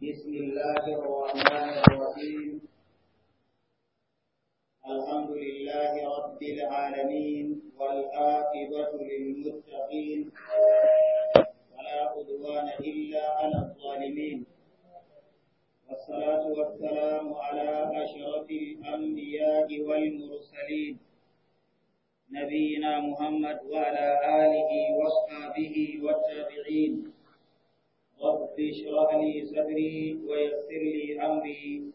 بسم الله الرحمن الرحيم الحمد لله رب العالمين والآقبة للمتقين ولا عدوان إلا على الظالمين والصلاة والسلام على أشرف الأنبياء والمرسلين نبينا محمد وعلى آله وصحبه والتابعين رب اشرح لي صدري ويسر لي أمري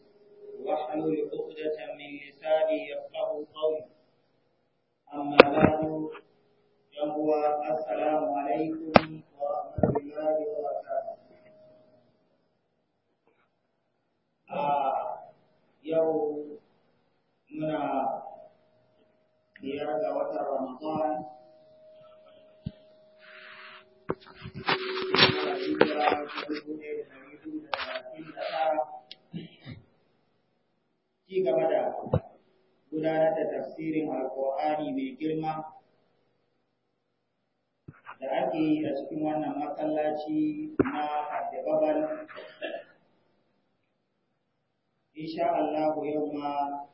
واحلل عقدة من لساني يفقه قولي أما بعد فهو السلام عليكم ورحمة الله وبركاته آه، يوم منا زيارة رمضان ci gaba da gudanar da tafsirin alkur'ani mai girma da ake yi a cikin wannan matsalaci na haddababal insha Allah yau ma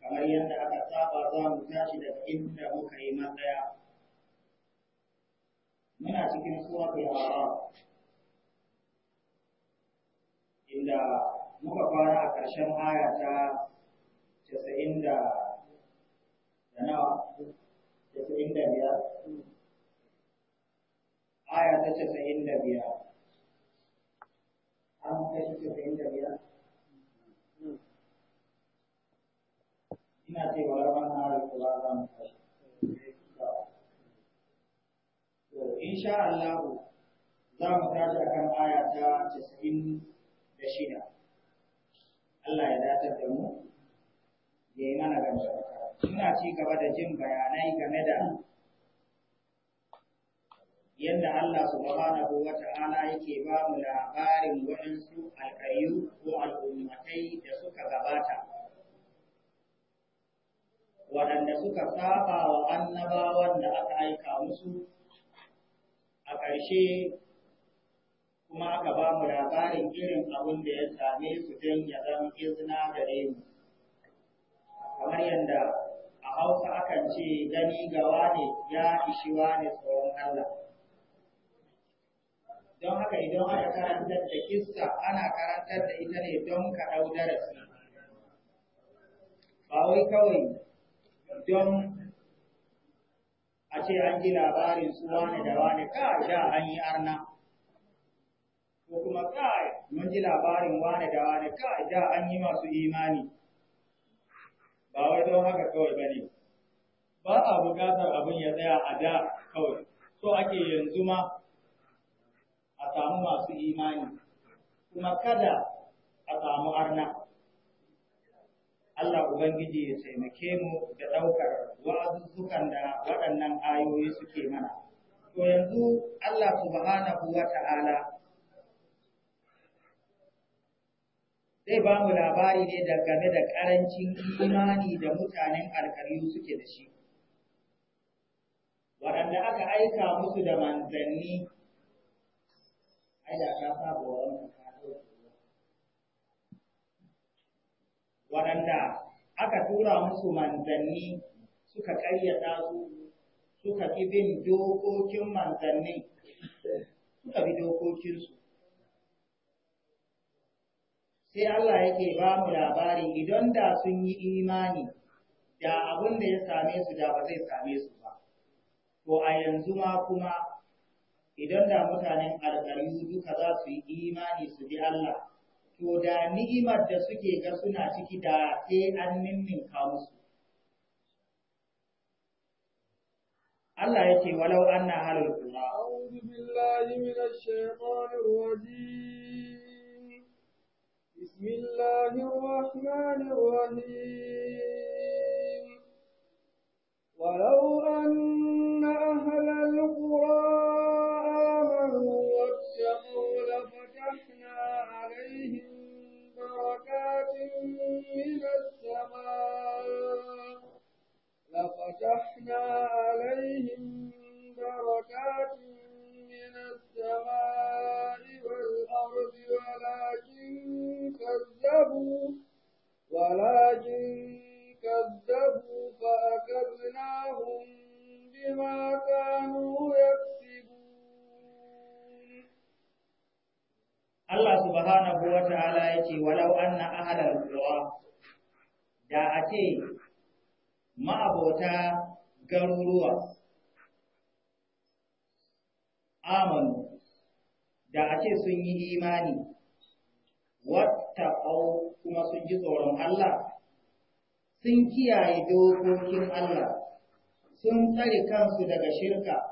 kamar yadda aka saba za mu tashi da inda muka yi matsaya muna cikin suwatul araf inda muka fara a ƙarshen aya ta casa'in da nawa casa'in da biyar aya ta casa'in da biyar an kashi casa'in da biyar ina ce wa rabon na rikuwa zan insha Allah za mu tashi akan aya ta 96 Allah ya datar da mu ya yi mana gaba. suna ci gaba da jin bayanai game da yadda Allah subhanahu wa ta'ala yake ba mu labarin waɗansu alƙayu ko al'ummatai da suka gabata waɗanda suka saba wa annabawan da aka aika musu a ƙarshe kuma aka ba mu labarin irin abin da ya same su don ya zama izina gare mu kamar yadda a hausa akan ce gani gawa ne ya ishi ne tsoron Allah don haka idan aka karantar da kissa ana karantar da ita ne don ka ɗau darasi ba wai kawai don a ce an ji labarin su wane da wane kai da an yi arna ko kuma kai mun ji labarin wane da wane kai da an yi masu imani ba wai don haka kawai bane ba a buƙatar abin ya tsaya a da kawai so ake yanzu ma a samu masu imani kuma kada a samu arna Allah Ubangiji ya taimake mu da ɗaukar wa'azuzzukan da waɗannan ayoyi suke mana. To yanzu Allah subhanahu wa ta'ala zai ba mu labari ne da game da ƙarancin imani da mutanen alkaryu suke da shi. Waɗanda aka aika musu da manzanni, ai da ta saba wa wannan waɗanda aka tura musu manzanni suka karyata su suka fi bin dokokin manzanni suka bi dokokinsu sai Allah yake ba mu labari idan da sun yi imani da abin da ya same su da ba zai same su ba to a yanzu ma kuma idan da mutanen alƙaryu duka za su yi imani su bi Allah to da ni'imar da suke ga suna ciki da sai an kawo su. Allah yake ce walau an na halar kula. A'udhu billahi minash shaitanir rajim. Bismillahir rahmanir rahim. Walau an ahlal qura amanu wattaqu lafatahna alaihim بركات من السماء لفتحنا عليهم بركات من السماء والأرض ولكن كذبوا ولكن كذبوا فأكذناهم بما كانوا يكسبون Allah subhanahu wa ta'ala ya ce walau anna ahlal qura da a ce ma'abota garuruwa amanu da a ce sun yi imani wattaqau kuma sun ji tsoron Allah sun kiyaye dokokin Allah sun tsare kansu daga shirka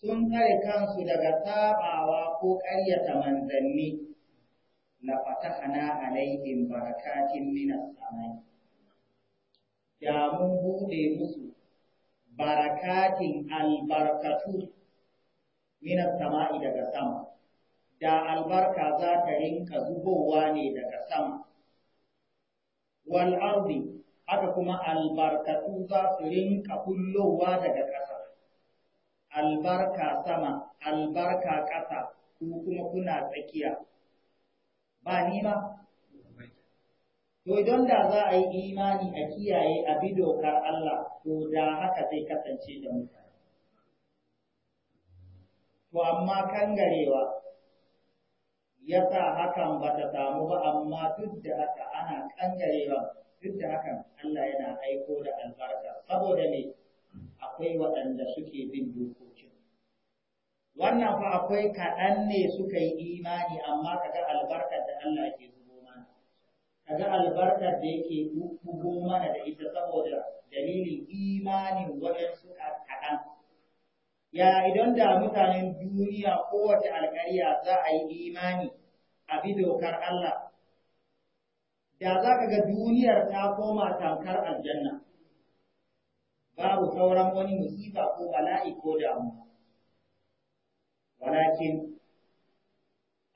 sun tare kansu daga sabawa ko ƙaryata manzanni la fatahna alaihim barakatin minas samai da mun bude musu barakatin albarkatu minas sama'i daga sama da albarka za ta rinka zubowa ne daga sama wal ardi haka kuma albarkatu za su rinka kullowa daga ƙasa albarka sama, albarka ƙasa, ku kuma kuna tsakiya. Ba ni ba? To idan da za a yi imani a kiyaye a bi dokar Allah, to da haka zai kasance da mutane. To amma kangarewa ya sa hakan ba ta samu ba amma duk da haka ana kangarewa duk da hakan Allah yana aiko da albarka saboda ne akwai waɗanda suke bin dokokin wannan fa akwai kaɗan ne suka yi imani amma kaga albarkar da Allah ke zubo mana kaga albarkar da yake bugo mana da ita saboda dalilin imanin wajen suka kaɗan ya idan da mutanen duniya kowace alkariya za a yi imani a bi dokar Allah da za ka ga duniyar ta koma tamkar aljanna babu sauran wani musifa ko bala'i ko damuwa walakin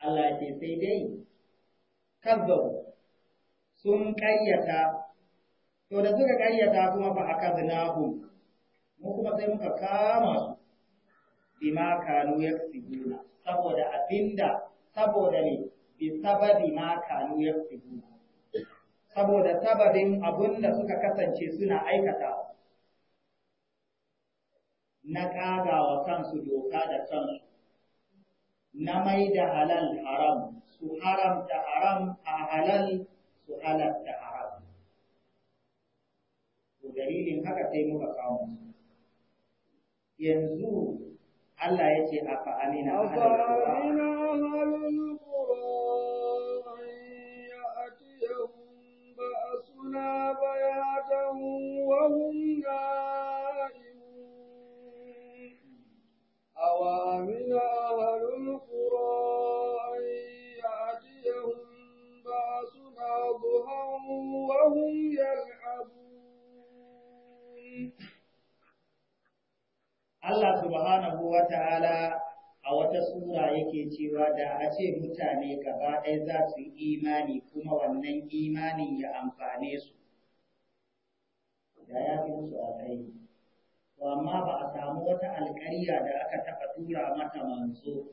Allah ce sai dai kazzau sun ƙayyata? to da suka ƙayyata kuma ba kazi akaznahum mu kuma sai muka kama su bima kanu yaksibuna saboda abinda saboda ne bi sababi ma kanu yaksibuna saboda sababin da suka kasance suna aikata na wa kansu doka da kansu, na mai da halal haram, su haram ta haram a halal su ta haram. To dalilin haka sai muka kawo Yanzu Allah ya ce a amina halal قرآن يأتيهم أوامن أهل القرى أن يأتيهم بأسنا ضحى وهم يلعبون الله سبحانه وتعالى a wata sura yake cewa da a ce mutane gaba ɗaya za su yi imani kuma wannan imanin ya amfane su da ya fi musu alkhairi to amma ba a samu wata alƙarya da aka taɓa tura mata manzo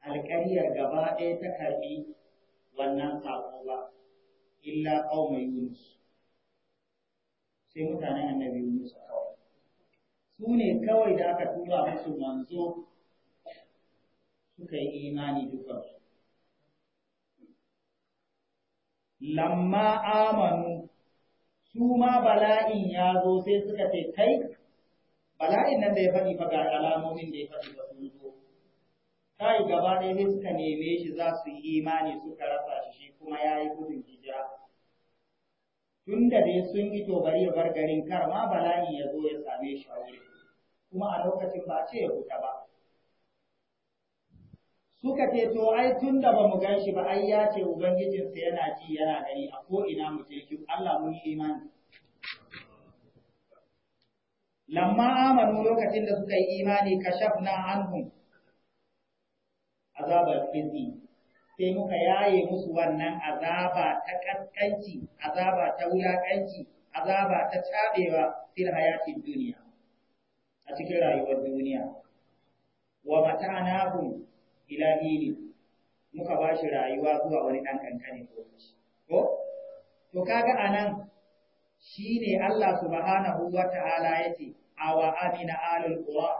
alƙaryar gaba ɗaya ta karɓi wannan saƙo ba illa ƙaumar yunus sai mutanen annabi yunus kawai su ne kawai da aka tura musu manzo suka yi imani dukansu lamma amanu su ma bala'in ya zo sai suka ce kai bala'in nan da ya faɗi fa ga alamomin da ya faɗi ba sun zo kai gaba ɗaya ne suka neme shi za su yi imani suka rasa shi kuma ya yi gudun hijira tun da dai sun yi to bari ya bar garin kar ma bala'in ya zo ya same shi a wuri kuma a lokacin ba ce ya fita ba suka ce to ai tun da bamu gan shi ba ai ya ce ubangijinsa yana ji yana gani a ko ina mu je Allah mun yi imani lamma amanu lokacin da suka yi imani kashafna anhum azabar fizi sai muka yaye musu wannan azaba ta kaskanci azaba ta wulakanci azaba ta tabewa fil duniya a cikin rayuwar duniya wa mata'anahum ila hini muka ba shi rayuwa zuwa wani dan kankane ko to kaga anan shine Allah subhanahu wa ta'ala yace awa amina alul qura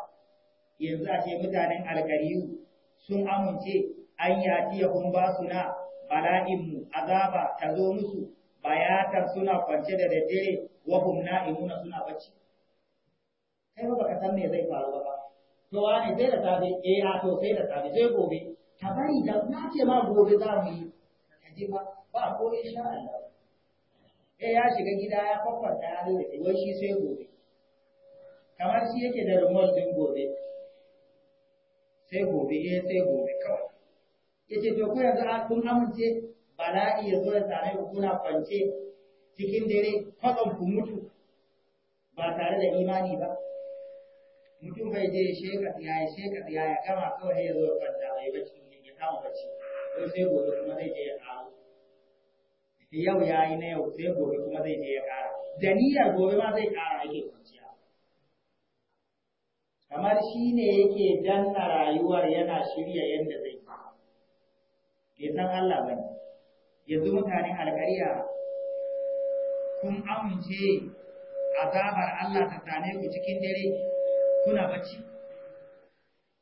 yanzu a mutanen alkariyu sun amince an yati na bala'in mu azaba ta zo musu bayatan suna kwance da daddare wa hum na'imuna suna bacci kai ba ka san me zai faru ba to wani sai da safe eh a to sai da safe sai gobe ta bari da na ce ma gobe za mu yi ka ji ba ba ko insha Allah eh ya shiga gida ya kwakwanta ya da wai shi sai gobe kamar shi yake da remote din gobe sai gobe eh sai gobe kawai yace to ko yanzu an kun amince bala'i ya zo ya tare ku kuna kwance cikin dare kwatsam ku mutu ba tare da imani ba mutum bai je sheka ya yi sheka ya ya kama kawai ya zo ya kwanta bai bacci ya kama bacci ko sai gobe kuma zai je ya kawo yau ya yi na yau sai gobe kuma zai je ya ƙara da niyyar gobe ma zai ƙara ake kwanciya kamar shi ne yake danna rayuwar yana shirya yadda zai yi bai san Allah ba ne yanzu mutane alƙariya kun amince azabar Allah ta same ku cikin dare kuna bacci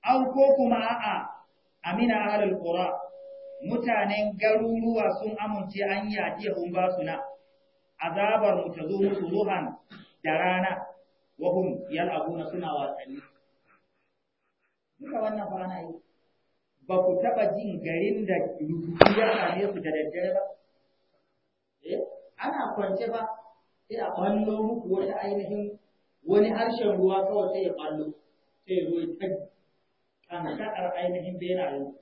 an ko kuma a'a amina ahlul qura mutanen garuruwa sun amince an yi hadiya un ba su na azabar mu ta zo musu ruhan da rana wa hum yal'abuna suna wasanni duka wannan fa ana yi ba ku taba jin garin da rubutu ya same ku da daddare ba eh ana kwance ba sai a ballo muku wata ainihin wani harshen ruwa kawai sai ya kwallo, sai ya zo ya tagi kana shakar ainihin benayen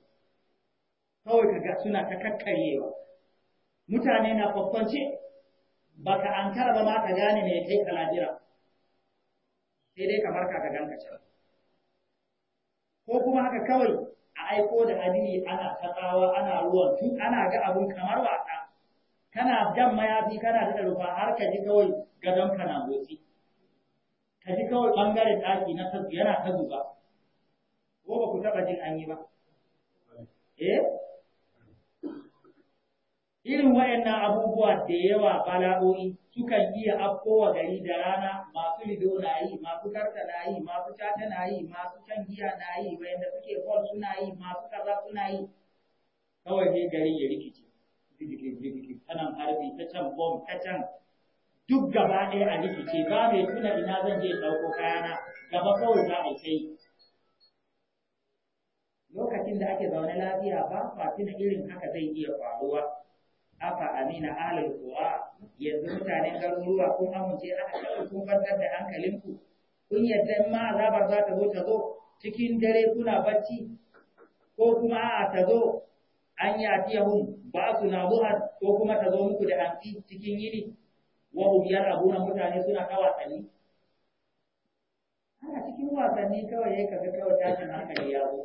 kawai kaga suna ta kakkaryewa mutane na kwakwance baka an kara ba ma ka gane me kai kalajira sai dai kamar ka ka can ko kuma haka kawai a aiko da hadiri ana tsawa ana ruwan tun ana ga abun kamar wasa kana jan mayafi kana da rufa har ka ji kawai gadon ka na motsi ka ji kawai bangaren ɗaki na yana ta zuba ko ba ku taɓa jin an yi ba eh irin waɗannan abubuwa da yawa bala'o'i sukan iya afkowa gari da rana masu lido na yi masu karta na yi masu cata na yi masu can giya na yi wayanda suke bol suna yi masu kaza suna yi kawai sai gari ya rikice rikice rikice harbi ta can bom ta can duk gaba a rikice ba mai tuna ina zan je ɗauko kayana gaba kawai za a kai. lokacin da ake zaune lafiya ba tuna irin haka zai iya faruwa afa amina alal qura yanzu mutane garuruwa kun amince aka kawo kun farkar da hankalinku kun yadda ma azaba za ta zo ta zo cikin dare kuna bacci ko kuma a'a ta zo an yatiyahum ba su na buhar ko kuma ta zo muku da hanki cikin yini wa hum yarabuna mutane suna kawasani ana cikin wasanni kawai yayi kaga kawai tashin hankali ya zo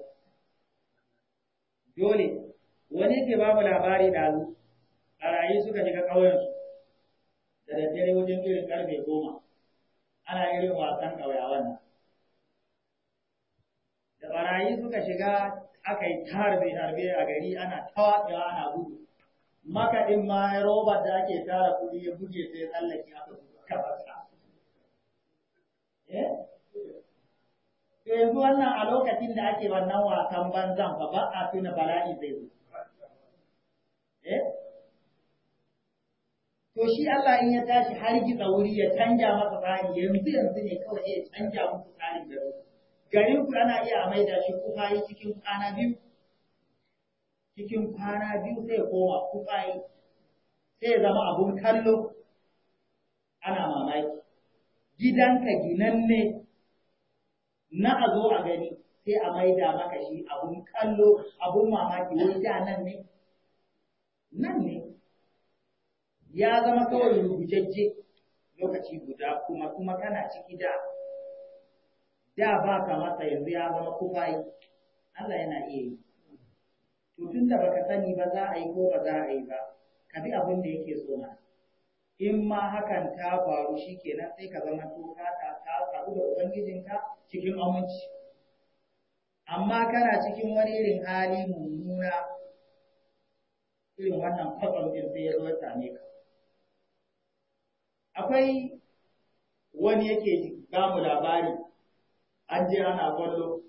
dole wani ke babu labari da ɓarayi suka shiga ƙauyensu da daddare wajen irin ƙarfe goma ana irin wasan ƙauyawan nan da ɓarayi suka shiga aka yi tarbe-tarbe a gari ana tawaɗewa ana gudu makaɗin ma ya roba da ake tara kuɗi ya buge sai tsallake aka kafarsa eh? yanzu wannan a lokacin da ake wannan wasan banzan ba ba a tuna bala'i zai zo eh? to shi Allah in ya tashi har gitsa wuri ya canja masa tsari yanzu yanzu ne kawai ya canja muku tsarin garin garin ku ana iya amai da shi yi cikin kwana biyu cikin kwana biyu sai koma yi. sai zama abun kallo ana mamaki gidanka ginanne na a zo a gani sai a maida maka shi abun kallo abun mamaki wani da nan ne nan ne ya zama kawai rubutacce lokaci guda kuma kuma kana ciki da da ba ka masa yanzu ya zama kufai Allah yana iya yi to tun da baka sani ba za a yi ko ba za a yi ba ka bi abin da yake so na in ma hakan ta faru shikenan sai ka zama to ka ka da ubangijinka cikin aminci amma kana cikin wani irin hali mummuna irin wannan kwatsam sai ya zo ya same ka akwai wani yake gamu labari an je ana kwallo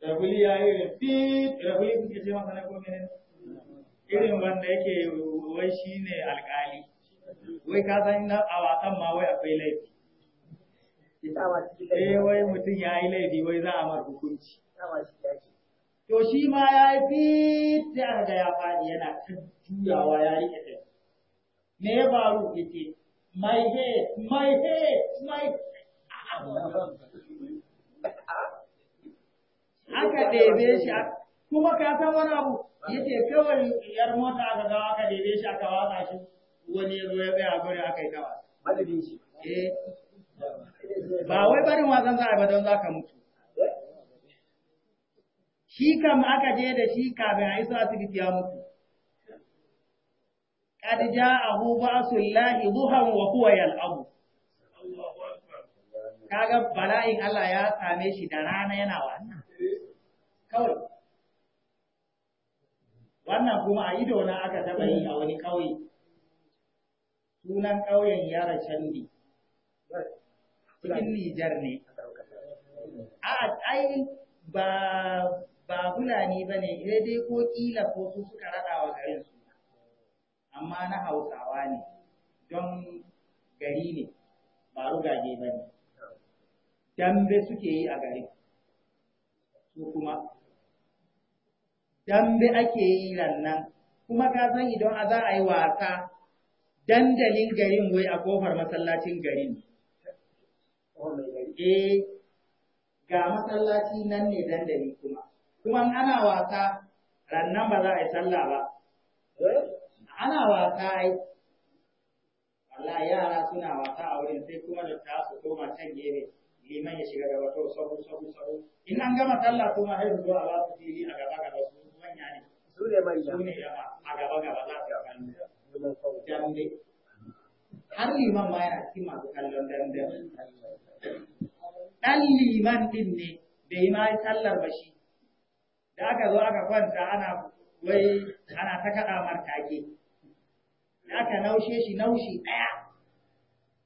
rabuli ya yi fit rabuli kuke ce masa na ne irin wanda yake wai shi ne alkali wai ka san na a wasan ma wai akwai laifi eh wai mutum ya yi laifi wai za a mar hukunci to shi ma ya yi fit sai aka ga ya fadi yana ta juyawa ya yi kai me ya faru ya ce my head my head my aka ɗebe shi kuma ka san wani abu ya ce kawai yar mota aka gawa aka ɗebe shi aka watsa shi wani ya zo ya tsaya gure aka yi tawa eh, ba wai barin wasan za a ba don za ka mutu shi kam aka je da shi kafin a isa asibiti ya mutu قد جاءه بعث الله wa وهو يلعب kaga bala'in Allah ya same shi da rana yana wannan kawai wannan kuma a ido na aka taba yi a wani kauye sunan kauyen yara candi cikin Nijar ne a ai ba ba Fulani ba ne, dai ko kila ko su suka raɗa wa garin su. amma na hausawa ne don gari ne ba rugage ba ne dambe suke yi a gari su kuma dambe ake yi nan kuma ka san idan a za a yi wasa dandalin garin wai a kofar masallacin garin eh ga masallaci nan ne dandali kuma kuma ana wasa rannan ba za a yi sallah ba eh? ana wasa ai Allah yara suna wasa a wurin sai kuma da ta su koma can gefe liman ya shiga gaba to sabu sabu sabu in an gama sallah kuma sai su zo a fili a gaba gaba su manya ne su ne manya su ne a gaba gaba za su yi dambe har liman ma yana cikin masu kallon dambe dan liman din ne bai ma sallar ba shi da aka zo aka kwanta ana wai ana ta kaɗa martake aka naushe shi naushi ɗaya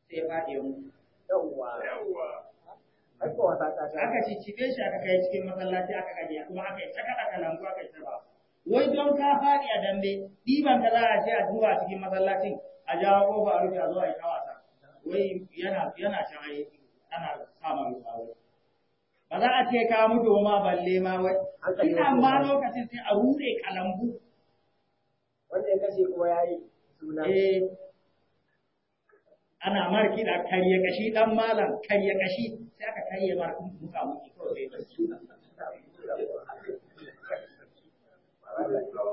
sai ya faɗi mu. Aka ciccibe shi aka kai cikin masallaci aka gaje kuma aka yi ta aka lambu aka yi ta Wai don ka faɗi a dambe, ɗiban ka za a ce a duba cikin masallacin a jawo ƙofa a rufe a zo a yi kawasa. Wai yana yana can ana kama ruwa wai. Ba za a ce ka mutu ma balle ma wai. Ina ma lokacin sai a rure kalambu. Wanda ya kashe kuma ya yi. Eh, ana marki da karye kashi ɗan malam karye kashi sai aka karye mara muka muke kawai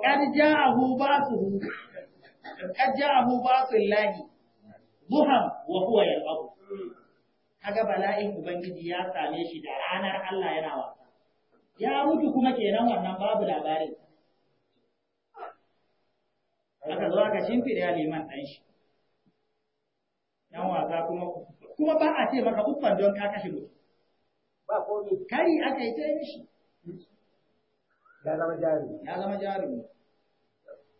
Kad ja'ahu ba'suhu kad ja'ahu ba'sul lahi duham wa huwa yarqabu kaga bala'in ubangiji ya same shi da ranar Allah yana wasa ya mutu kuma kenan wannan babu labarin aka zo aka shimfiɗa ya liman ɗan shi Yan wasa kuma kuma ba a ce maka uffan don ka kashe mutum ba komai kari aka yi ta yi shi. ya zama jarumi ya zama jarumi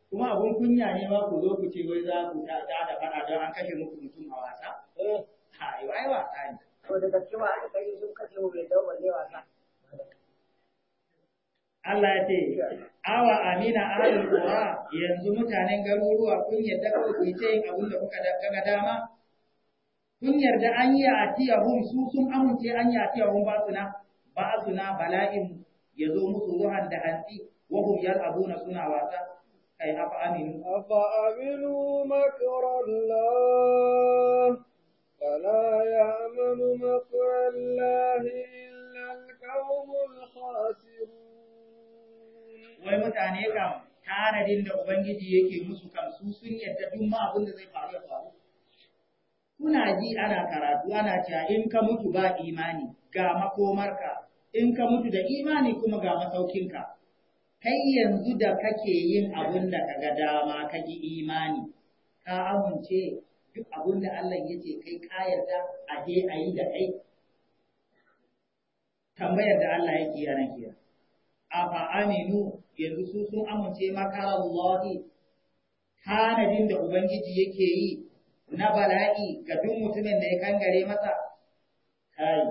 kuma abun kunya ne ba ku zo ku ce wai za ku ta da fara don an kashe muku mutum a wasa eh ha yi wai wasa ne to sun kashe mu bai dawo wasa Allah ya ce awa amina alal qura yanzu mutanen garuruwa kun yarda kawai ku ta yin abin da kuka daga dama kun yarda an yi atiyahum su sun amince an yi atiyahum ba suna ba suna bala'in ya zo musu ruhan da hanti wa hum yarabuna suna wasa kai afa aminu afa aminu makrallah fala ya'manu makrallah illa al-qawmul khasirun wai mutane kan tanadin da Ubangiji yake musu kam su sun yadda duk ma abin da zai faru ya faru. Kuna ji ana karatu ana cewa in ka mutu ba imani ga makomarka, in ka mutu da imani kuma ga masaukin ka. Kai yanzu da kake yin abin da ka ga dama ka ji imani, ka amince duk abin da Allah ya kai ka yarda a je a yi da kai. Tambayar da Allah yake yana kira. afa aminu yanzu su sun amince makara tanadin da Ubangiji yake yi na bala'i ga duk mutumin da ya kangare masa kai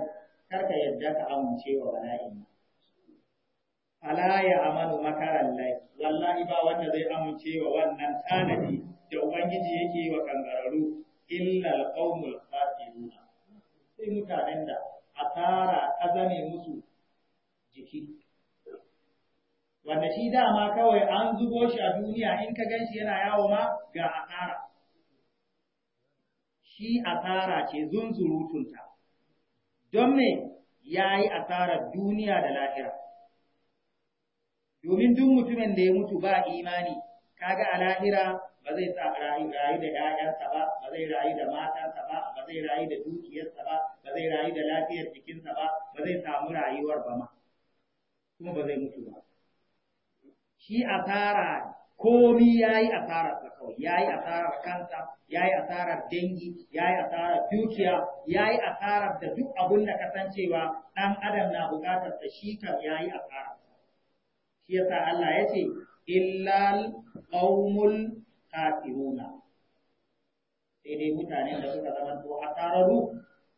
karka yadda ka amince wa bala'in fala ya amanu makaran wallahi ba wanda zai amince wa wannan tanadi da Ubangiji yake yi wa kangararu illa alqaumul fasiquna sai mutanen da asara ta zame musu jiki wanda shi dama kawai an zubo shi a duniya in ka gan shi yana yawo ma ga asara shi asara ce zunzurutunta don me ya yi asarar duniya da lahira domin duk mutumin da ya mutu ba imani kaga a lahira ba zai sa rayu rayu da 'ya'yansa ba ba zai rayu da matansa ba ba zai rayu da dukiyarsa ba ba zai rayu da lafiyar jikinsa ba ba zai samu rayuwar ba ma kuma ba zai mutu ba shi asara komi ya yi asarar kawai ya yi asarar kanta, ya yi asarar dangi ya yi asarar dukiya ya yi asarar da duk abun da kasancewa ɗan adam na buƙatar da shi kan ya yi asarar shi yasa Allah ya ce illal qaumul kafiruna sai dai mutanen da suka zama to asararu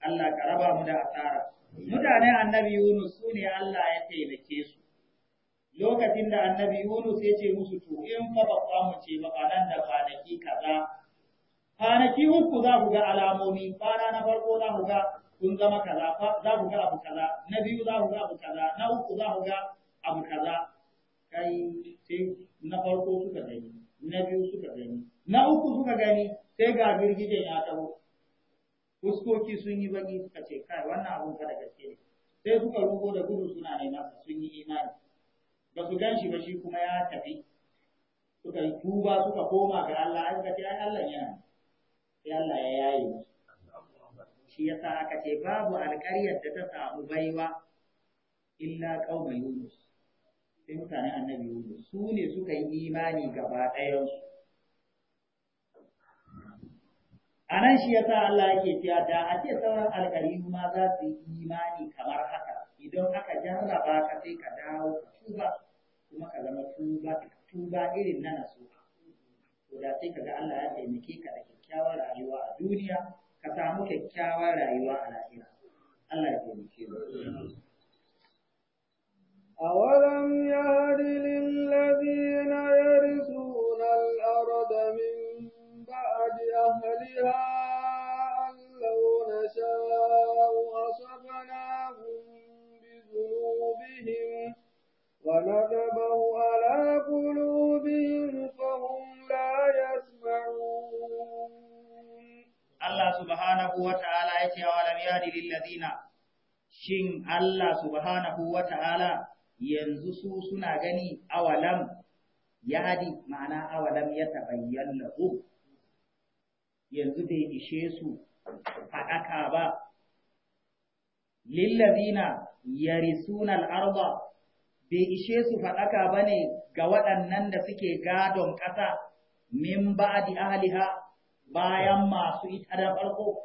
Allah ka raba mu da asara. mutanen annabi Yunus su ne Allah ya taimake su lokacin da annabi Yunus ya ce musu to in fa ba mu ce ba nan da kwanaki kaza kwanaki uku za ku ga alamomi kwana na farko za ku ga kun zama kaza za ku ga abu kaza na biyu za ku ga abu kaza na uku za ku ga abu kaza kai sai na farko suka gani na biyu suka gani na uku suka gani sai ga girgijen ya taho fuskoki sun yi baki suka ce kai wannan abun da gaske ne sai suka rubo da gudu suna neman sun yi imani ba su gan shi ba shi kuma ya tafi suka tuba suka koma ga Allah aka ce ai Allah yana sai Allah ya yaye mu shi yasa aka ce babu alƙaryar da ta samu baiwa illa qauma yunus sai mutanen annabi yunus su ne suka yi imani gaba ɗayan su a nan shi yasa Allah yake cewa da a ce sauran alƙariyu ma za su yi imani kamar haka idan aka jarraba ka sai ka dawo ka tuba kuma ka zama tuba tuba irin na nasuha to da sai kaga Allah ya taimake ka da kyakkyawar rayuwa a duniya ka samu kyakkyawar rayuwa a lahira Allah ya taimake mu أولم يهد للذين يرثون الأرض من بعد أهلها أن لو نشاء أصبنا ونطبع على قلوبهم فهم لا يسمعون الله سبحانه وتعالى يتي ولم يهد للذين shin Allah subhanahu wa ta'ala yanzu su suna gani awalam ya ma'ana awalam ya tabayyan lahu yanzu bai ishe su haɗaka ba lillazina yari sunan Arba. bai ishe su faɗaka ba ne ga waɗannan da suke gadon ƙasa min di ahaliha bayan masu ita da farko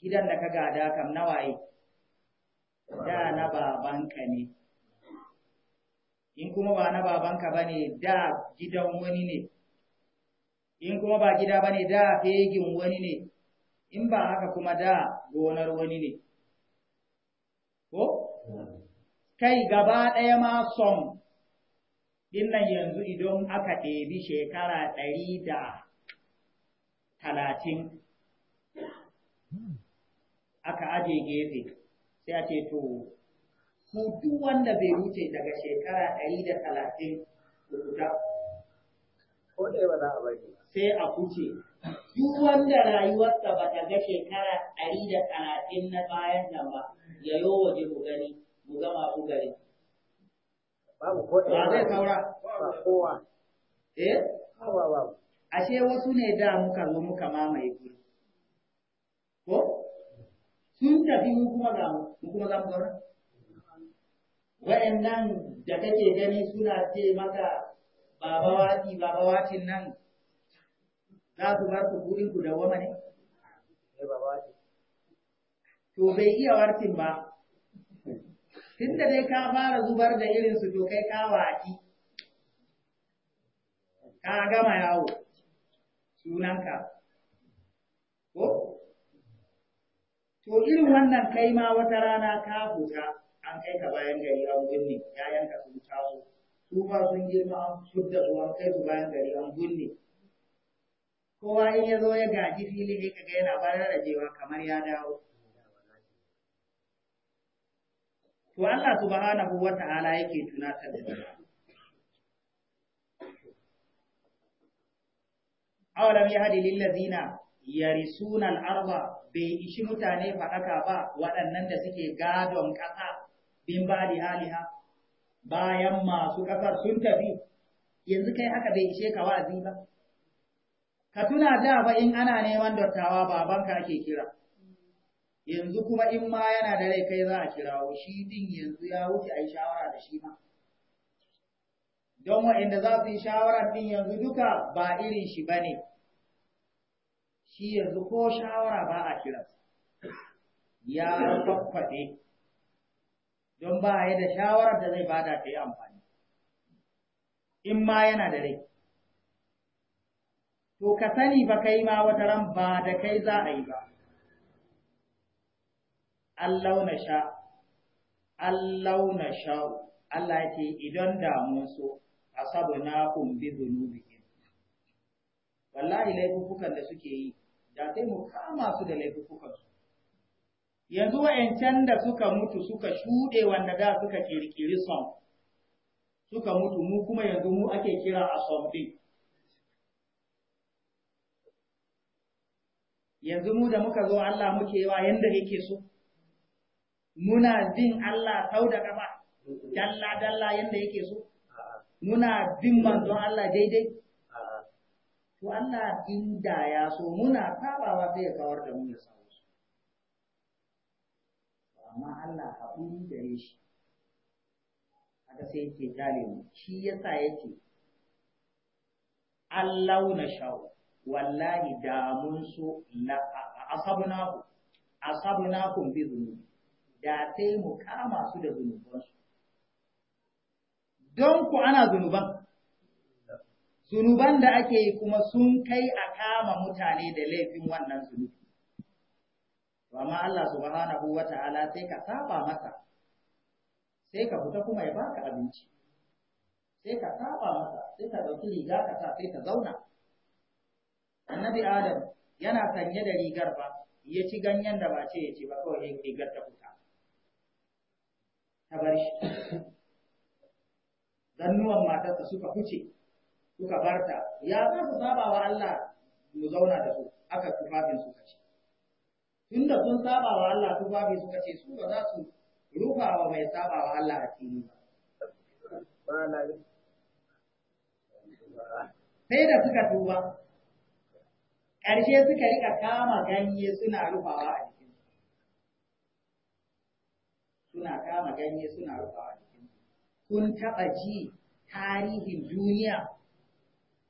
gidan da ka gada kam nawaye da na babanka ne in kuma ba na babanka ba ne da gidan wani ne in kuma ba gida ba ne da fegin wani ne in ba haka kuma da gonar wani ne kai gaba ɗaya ma son dinnan yanzu idan aka ɗebi shekara ɗari da talatin aka aje gefe sai a ce to ku duk wanda bai wuce daga shekara ɗari da talatin da ko ɗaya ba za a sai a kuce duk wanda rayuwarsa ba ta ga shekara ɗari da talatin na bayan nan ba ya yi waje ku gani mu gama ku gari babu ko ɗaya zai saura ba kowa eh ba ba ashe wasu ne da muka zo muka mamaye guri ko sun tafi mu kuma ga mu kuma za mu zauna wa'annan da kake gani suna ce maka babawaki babawacin nan za su bar ku burin ku dawwama ne? Eh, to bai iya wartin ba, tunda dai ka fara zubar da irin su to kai ka waki ka gama yawo sunanka ko to irin wannan kai ma wata rana ka huta an kai ka bayan gari an gunne yayanka sun taso su ba sun girma an fudda su an kai su bayan gari an gunne kowa in ya zo ya gaji fili ne kaga yana bayar da jewa kamar ya dawo To Allah subhanahu wa ta'ala yake tunatar da awalam ya hadi lillazina yarisuna al-arba bai ishi mutane faɗaka ba waɗannan da suke gadon ƙasa bin ba'di aliha bayan masu ƙasar sun tafi yanzu kai haka bai ishe ka wa'azi ba ka tuna da ba in ana neman dattawa babanka ake kira yanzu kuma in ma yana da rai kai za a kirawo shi din yanzu ya wuce a yi shawara da shi ma don waɗanda za su yi shawara din yanzu duka ba irin shi ba ne shi yanzu ko shawara ba a kira ya kwakwaɗe don ba ya da shawarar da zai bada ta yi amfani in ma yana da rai to ka sani ba kai ma wata ran ba da kai za a yi ba Allah sha Allah sha Allah ya idan da mun so na kun bi dhunubihim wallahi laifukan da suke yi da sai mu kama su da laifukan su yanzu can da suka mutu suka shuɗe wanda da suka kirkiri son suka mutu mu kuma yanzu mu ake kira a son yanzu mu da muka zo Allah muke yawa yanda yake so muna bin Allah sau da kafa dalla dalla yanda yake so muna bin manzon Allah daidai to Allah inda ya so muna sabawa sai ya kawar da mu ya samu su amma Allah haƙuri gare shi haka sai yake kyale mu shi yasa yake Allah na sha'u wallahi da mun so asabnahu asabnakum bi zunubi. da sai mu kama su da zunubansu. Don ku ana zunuban, zunuban da ake yi kuma sun kai a kama mutane da laifin wannan zunubi. Amma Allah subhanahu wa ta'ala sai ka saba masa, sai ka fita kuma ya baka abinci, sai ka saba masa, sai ka ɗauki riga ka sa sai ka zauna. Annabi Adam yana sanye da rigar ba, ya ci ganyen da ba ce ya ci ba kawai rigar ta fita. ta bar shi zannuwan matarsa suka fice suka barta ya za su saba wa Allah mu zauna da su aka tufafin suka ce tunda sun saba wa Allah tufafi suka ce su ba za su rufa wa mai saba wa Allah a fili ba sai da suka tuba ƙarshe suka rika kama ganye suna rufawa a suna kama ganye suna rufawa jikin kun taɓa ji tarihin duniya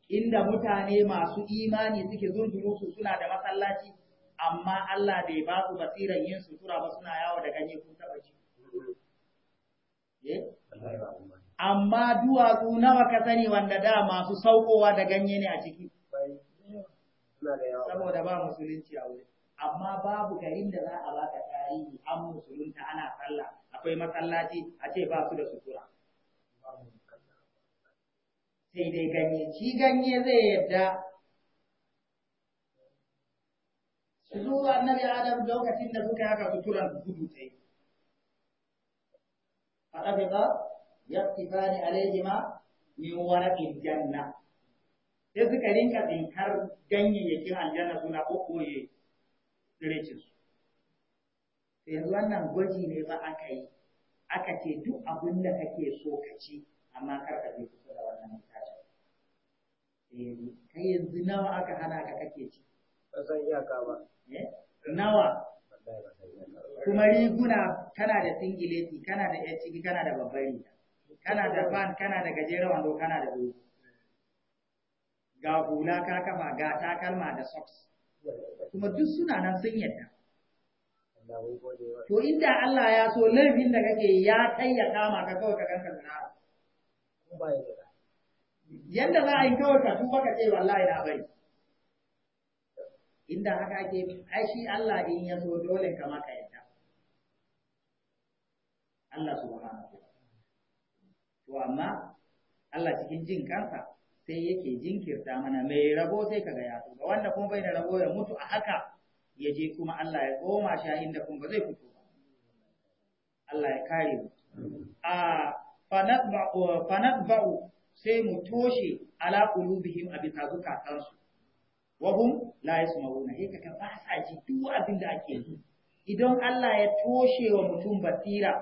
inda mutane masu imani suke zunzurutu suna da masallaci amma Allah bai ba su basiran yin sutura ba suna yawo da ganye kun taɓa ji eh? amma duwatsu nawa ka sani wanda da masu saukowa da ganye ne a ciki saboda ba musulunci a wuri amma babu garin da za a baka tarihi an musulunta ana sallah akwai masallaci a ce ba su da sutura sai dai ganye shi ganye zai yadda su zo annabi adam lokacin da suka haka suturan su gudu sai ya yaktifani alaihima min waraqil janna sai suka rinka tsinkar ganyayyakin aljanna suna kokkoye tsiraicin su yanzu wannan gwaji ne ba aka yi aka ce duk abin da kake so ka ci amma kar ka je kusa da wannan itacen eh, kai yanzu nawa aka hana ka kake ci ba san iyaka ba eh, nawa kuma riguna kana da singileti kana da yan ciki kana da babbar riga kana da fan kana da gajeren wando kana da dogo ga hula ka kafa ga takalma da socks kuma duk suna nan sun yadda to inda Allah ya so laifin da kake ya tsaya kama ka kawai ka kanka zina yanda za a yi kawai ka tuba ka ce wallahi na bai inda haka ke ai shi Allah in ya so dole ka maka yadda Allah subhanahu wa ta'ala to amma Allah cikin jin kansa sai yake jinkirta mana mai rabo sai kaga ya ga wanda kuma bai da rabo ya mutu a haka ya je kuma Allah ya koma shi inda kuma ba zai fito ba Allah ya kare mu a fanatba'u sai mu toshe ala qulubihim a bisa kansu wa hum la yasma'una sai ka ba sa ji duk abin da ake yi idan Allah ya toshe wa mutum basira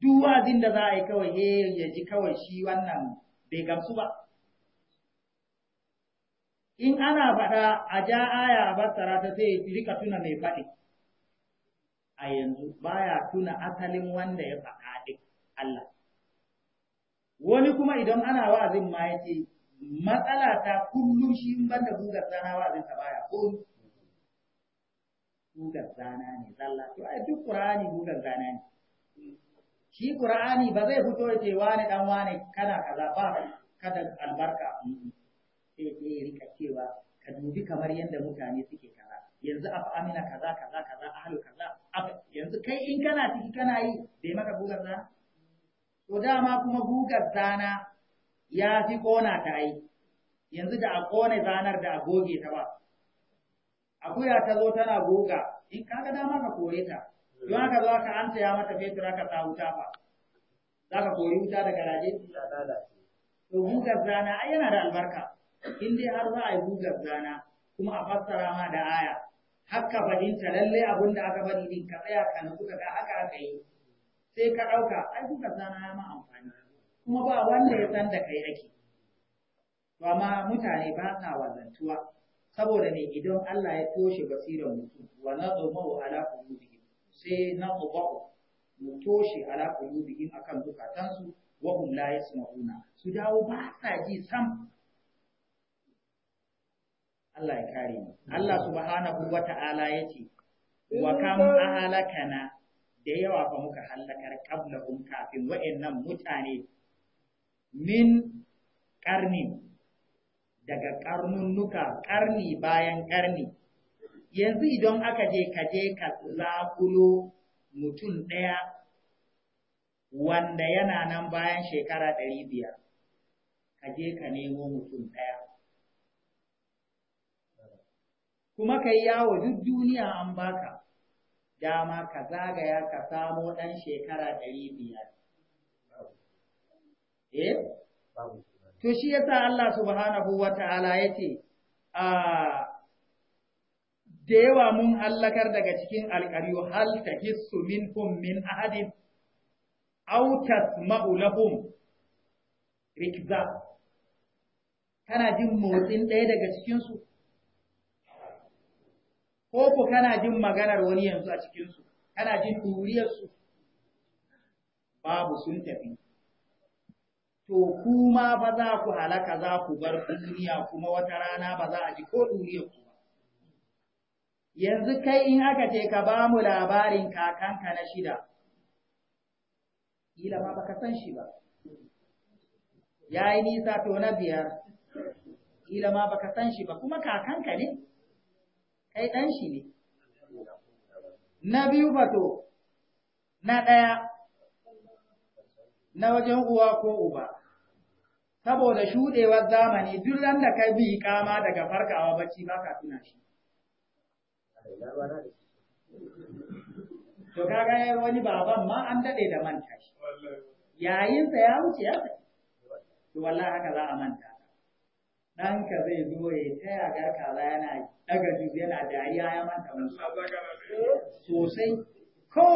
duk wazin da za a yi kawai ya ji kawai shi wannan bai gamsu ba in ana faɗa a ja aya a basara ta sai rika tuna mai faɗi a yanzu baya tuna asalin wanda ya faɗa ɗin Allah wani kuma idan ana wa'azin ma ce, matsala ta kullum shi in banda gugar zana wa'azin ta baya ko gugar zana ne zalla to ai duk ƙura'ani gugar zana ne shi ƙura'ani ba zai fito ya ce wani ɗan wane kana kaza ba kada albarka sai sai ya rika cewa ka dubi kamar yadda mutane suke kaza yanzu afa amina kaza kaza kaza a ahlu kaza yanzu kai in kana ciki kana yi bai maka gugar zana to dama kuma gugar zana ya fi kona ta yi yanzu da a kone zanar da a goge ta ba akuya ta zo tana goga in kaga dama ka kore ta don haka zo ka amsa ya mata fetur haka sa wuta fa za ka kori wuta daga garaje to gugar zana ai yana da albarka in dai har za a yi gugar zana kuma a fassara ma da aya hakka fahimta lallai abun da aka bari din ka tsaya ka nutsu ka haka aka yi sai ka ɗauka ai duka zana ya ma amfani kuma ba wanda ya san da kai ake to amma mutane ba sa wazantuwa saboda ne idan Allah ya toshe basirar mutum wa nadhumu ala qulubihim sai na ubahu mu toshe ala qulubihim akan zukatansu wa hum la yasma'una su dawo ba sa ji sam Allah ya kare mu mm. Allah subhanahu wata'ala yace mm. wa kam ahlakana da yawa fa muka halakar qablahum kafin wa'annan mutane min karni daga karnunnuka karni bayan karni yanzu idan aka je ka je ka zakulo mutum ɗaya wanda yana nan bayan shekara ɗari biyar ka je ka nemo mutum ɗaya kuma ka yi yawo duk duniya an baka dama ka zagaya ka samo ɗan shekara ɗari biyar. Eh? To shi yasa Allah subhanahu wa ta'ala ya ce, da yawa mun hallakar daga cikin alƙaryu hal ta hissu kun min ahadin autas ma'ulahun rikza kana jin motsin ɗaya daga cikinsu ko ku kana jin maganar wani yanzu a cikinsu kana jin turiyarsu, babu sun tafi to kuma ba za ku halaka za ku bar duniya kuma wata rana ba za a ji ko duriyarku yanzu kai in aka ce ka ba mu labarin kakanka na shida kila ma baka san shi ba ya yi nisa to na biyar kila ma baka san shi ba kuma kakanka ne kai ɗan shi ne. Na biyu bato, na ɗaya, na wajen uwa ko uba, saboda shuɗewar zamani duk ran da ka bi kama daga farkawa bacci ba ka tuna shi. To kaga wani baban ma an daɗe da manta shi, yayinsa ya wuce ya to wallahi haka za a manta. ɗanka zai zo ya taya garka za yana ɗaga jus yana dariya ya manta ban sosai ko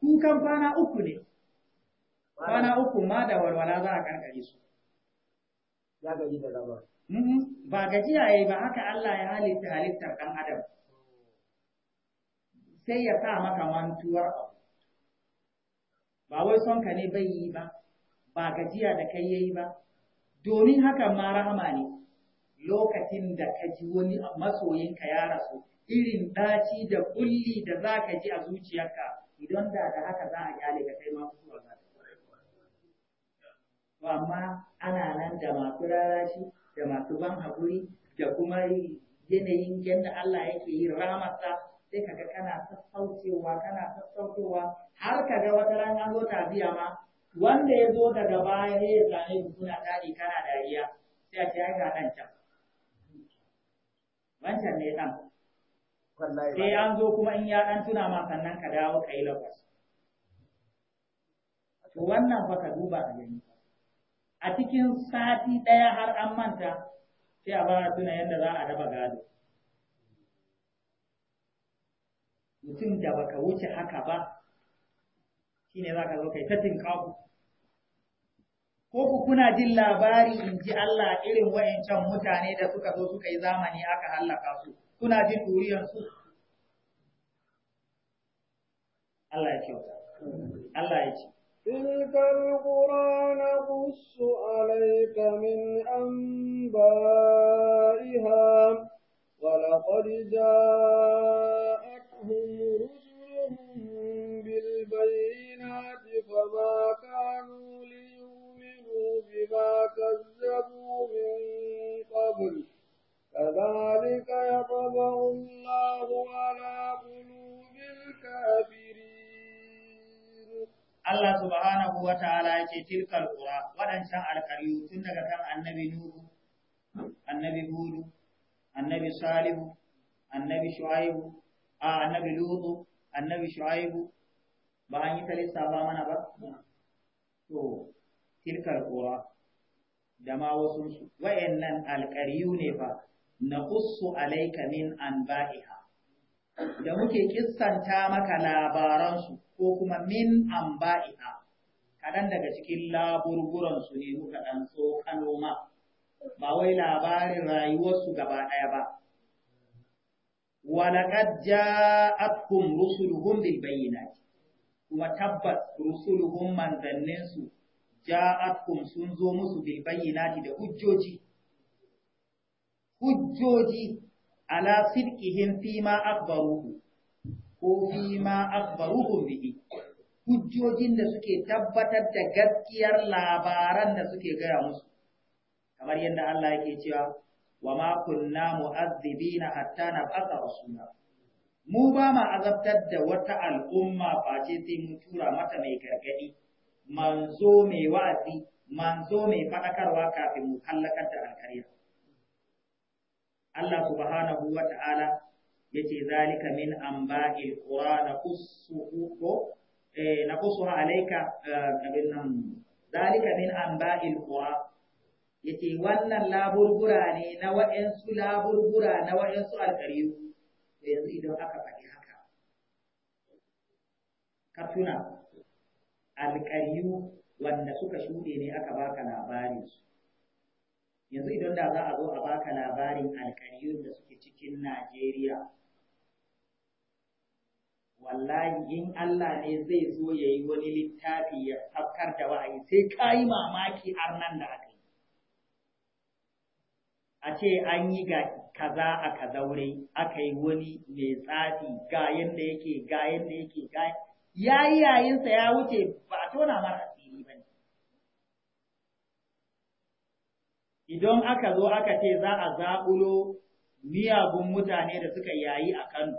kukan kwana uku ne kwana uku ma da walwala za a karkare su ba gajiya ya ba haka Allah ya halitta halittar ɗan adam sai ya sa maka mantuwar abu ba wai son ka ne bai yi ba ba gajiya da kai yayi ba domin hakan ma rahama ne lokacin da ka ji wani masoyinka ya rasu irin daci da kulli da za ka ji a zuciyarka idan da da haka za a gyale ka kai ma za to amma ana nan da masu rarashi da masu ban haƙuri da kuma yanayin yadda Allah yake yi ramarsa sai ka ga kana sassaucewa kana sassaucewa har ka ga wata ran an zo ma wanda ya zo daga baya ne ya zane kuna daɗi kana dariya sai a ce ai ga ɗan can wancan ne ɗan sai an zo kuma in ya ɗan tuna ma sannan ka dawo ka yi lagos to wannan fa ka duba a gani a cikin sati ɗaya har an manta sai a fara tuna yadda za a raba gado mutum da baka wuce haka ba shine za ka zo kai ta tinkaku ko ku kuna jin labari in ji Allah irin wa'incan mutane da suka zo suka yi zamani aka hallaka su kuna jin su? Allah ya ce Allah ya ce تلك القرى نقص عليك من أنبائها ولقد جاءتهم رسلهم بالبينات فما كانوا ليؤمنوا بما كذبوا من قبل كذلك يطبع الله على قلوب الكافرين الله سبحانه وتعالى يتي تلك القرى ولن ودنشا القرية تنك كان النبي نور النبي هود النبي صالح النبي شعيب آه النبي لوط النبي شعيب ba an yi ta lissafa mana ba? To, tilkar kuwa da ma su. wayannan alƙaryu ne fa na qussu alayka min anba'iha da muke kissanta maka labaransu ko kuma min anba'iha kaɗan daga cikin su ne muka ɗan tsokano ma ba wai labarin rayuwarsu gaba ɗaya ba ولقد جاءتكم رسلهم بالبينات kuma tabbas rusuluhum manzanninsu ja'atkum sun zo musu bil bayyinati da hujjoji hujjoji ala sidqihim fi ma akbaruhu ko fi ma akbaruhum bihi hujjojin da suke tabbatar da gaskiyar labaran da suke gaya musu kamar yadda Allah yake cewa wa ma kunna mu'azzibina hatta nab'atha rasula mu ba ma azabtar da wata al'umma face sai mu tura mata mai gargadi manzo mai wa'azi manzo mai fadakarwa kafin mu hallakar da alkariya Allah subhanahu wa ta'ala yace zalika min amba'il qura naqussuhu eh kusu alayka kabin eh, nan zalika min amba'il qura yace wannan laburbura ne na wa'ansu laburbura na wa'ansu alkariyu yanzu idan aka faɗi haka ka tuna alƙaryu wanda suka shuɗe ne aka baka labarin su yanzu idan da za a zo a baka labarin alƙaryun da suke cikin Najeriya wallahi in Allah ne zai zo ya yi wani littafi ya saukar da wa'ayi sai ka yi mamaki har nan da aka yi a ce an yi ga kaza a kazaure aka yi wani mai tsafi ga yadda yake ga yadda yake ga ya yi yayinsa ya wuce ba a tona mara asiri ba ne. Idan aka zo aka ce za a zaɓulo miyagun mutane da suka yayi a Kano,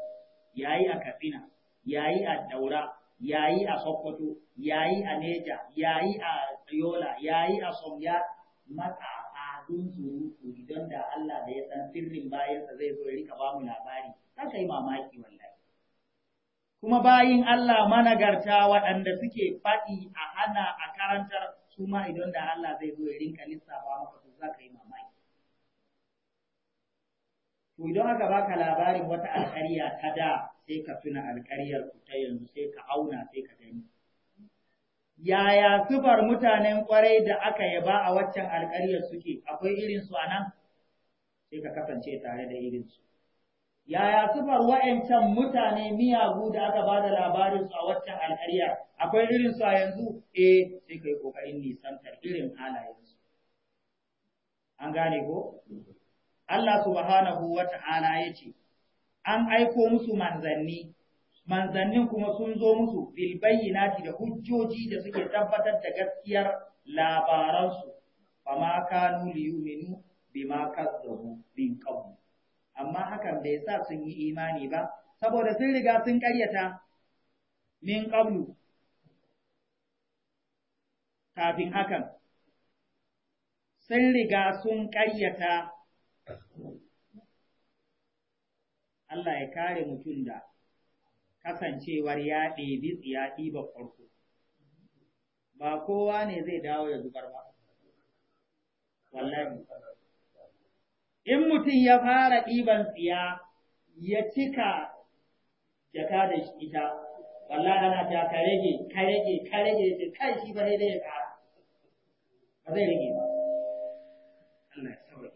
yayi a Katsina, yayi a Daura, yayi a Sokoto, yayi a Neja, yayi a Yola, yayi a Somya, matsafa sun surutu idan da Allah da ya san sirrin bayansa zai zo ya rika ba mu labari, za ka yi mamaki wallahi. kuma bayin Allah managarta waɗanda suke faɗi a hana a karantar su ma idan da Allah zai zo ya rinka lissafa maka to za ka yi mamaki. To idan aka baka labarin wata alƙarya ta da sai ka tuna alƙaryar ku ta yanzu sai ka auna sai ka gani. Yaya sufar mutanen ƙwarai da aka yaba a waccan alƙaryar suke akwai irinsu a nan? Sai ka kasance tare da irinsu. yaya sifar wa'ancan mutane miyagu da aka ba da labarinsu a waccan alƙarya akwai irinsu a yanzu eh sai kai ƙoƙarin nisantar irin halayensu an gane ko Allah subhanahu wa ta'ala ya ce an aiko musu manzanni manzannin kuma sun zo musu bil bayyinati da hujjoji da suke tabbatar da gaskiyar labaransu ma kanu liyuminu bima kazzabu bin qabl amma hakan bai sa sun yi imani ba saboda sun riga sun ƙaryata min qablu kafin hakan sun riga sun ƙaryata Allah ya kare mutum da kasancewar ya ɗebi ya ɗiba ƙwarko, ba kowa ne zai dawo ya zubar ba, wallahi. in mutum ya fara ɗiban tsiya ya cika jaka da ita wallahi ana ta ka rage ka rage ka rage ce kai shi ba sai dai ya ƙara ba zai rage ba Allah ya sauke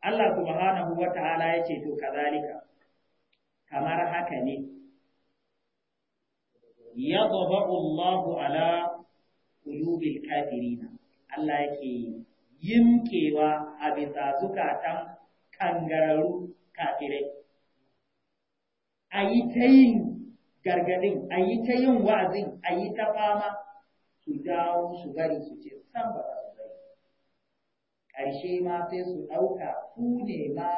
Allah subhanahu wa ta'ala ya ce to kazalika kamar haka ne yadba'u Allahu ala qulubil kafirina Allah yake yimkewa a bisa zukatan kangararru kafirai. A yi ta yin gargadin, a yi ta yin wa'azin, a yi ta fama su dawo su bari su ce san ba za su gari. Ƙarshe ma sai su ɗauka ku ne ma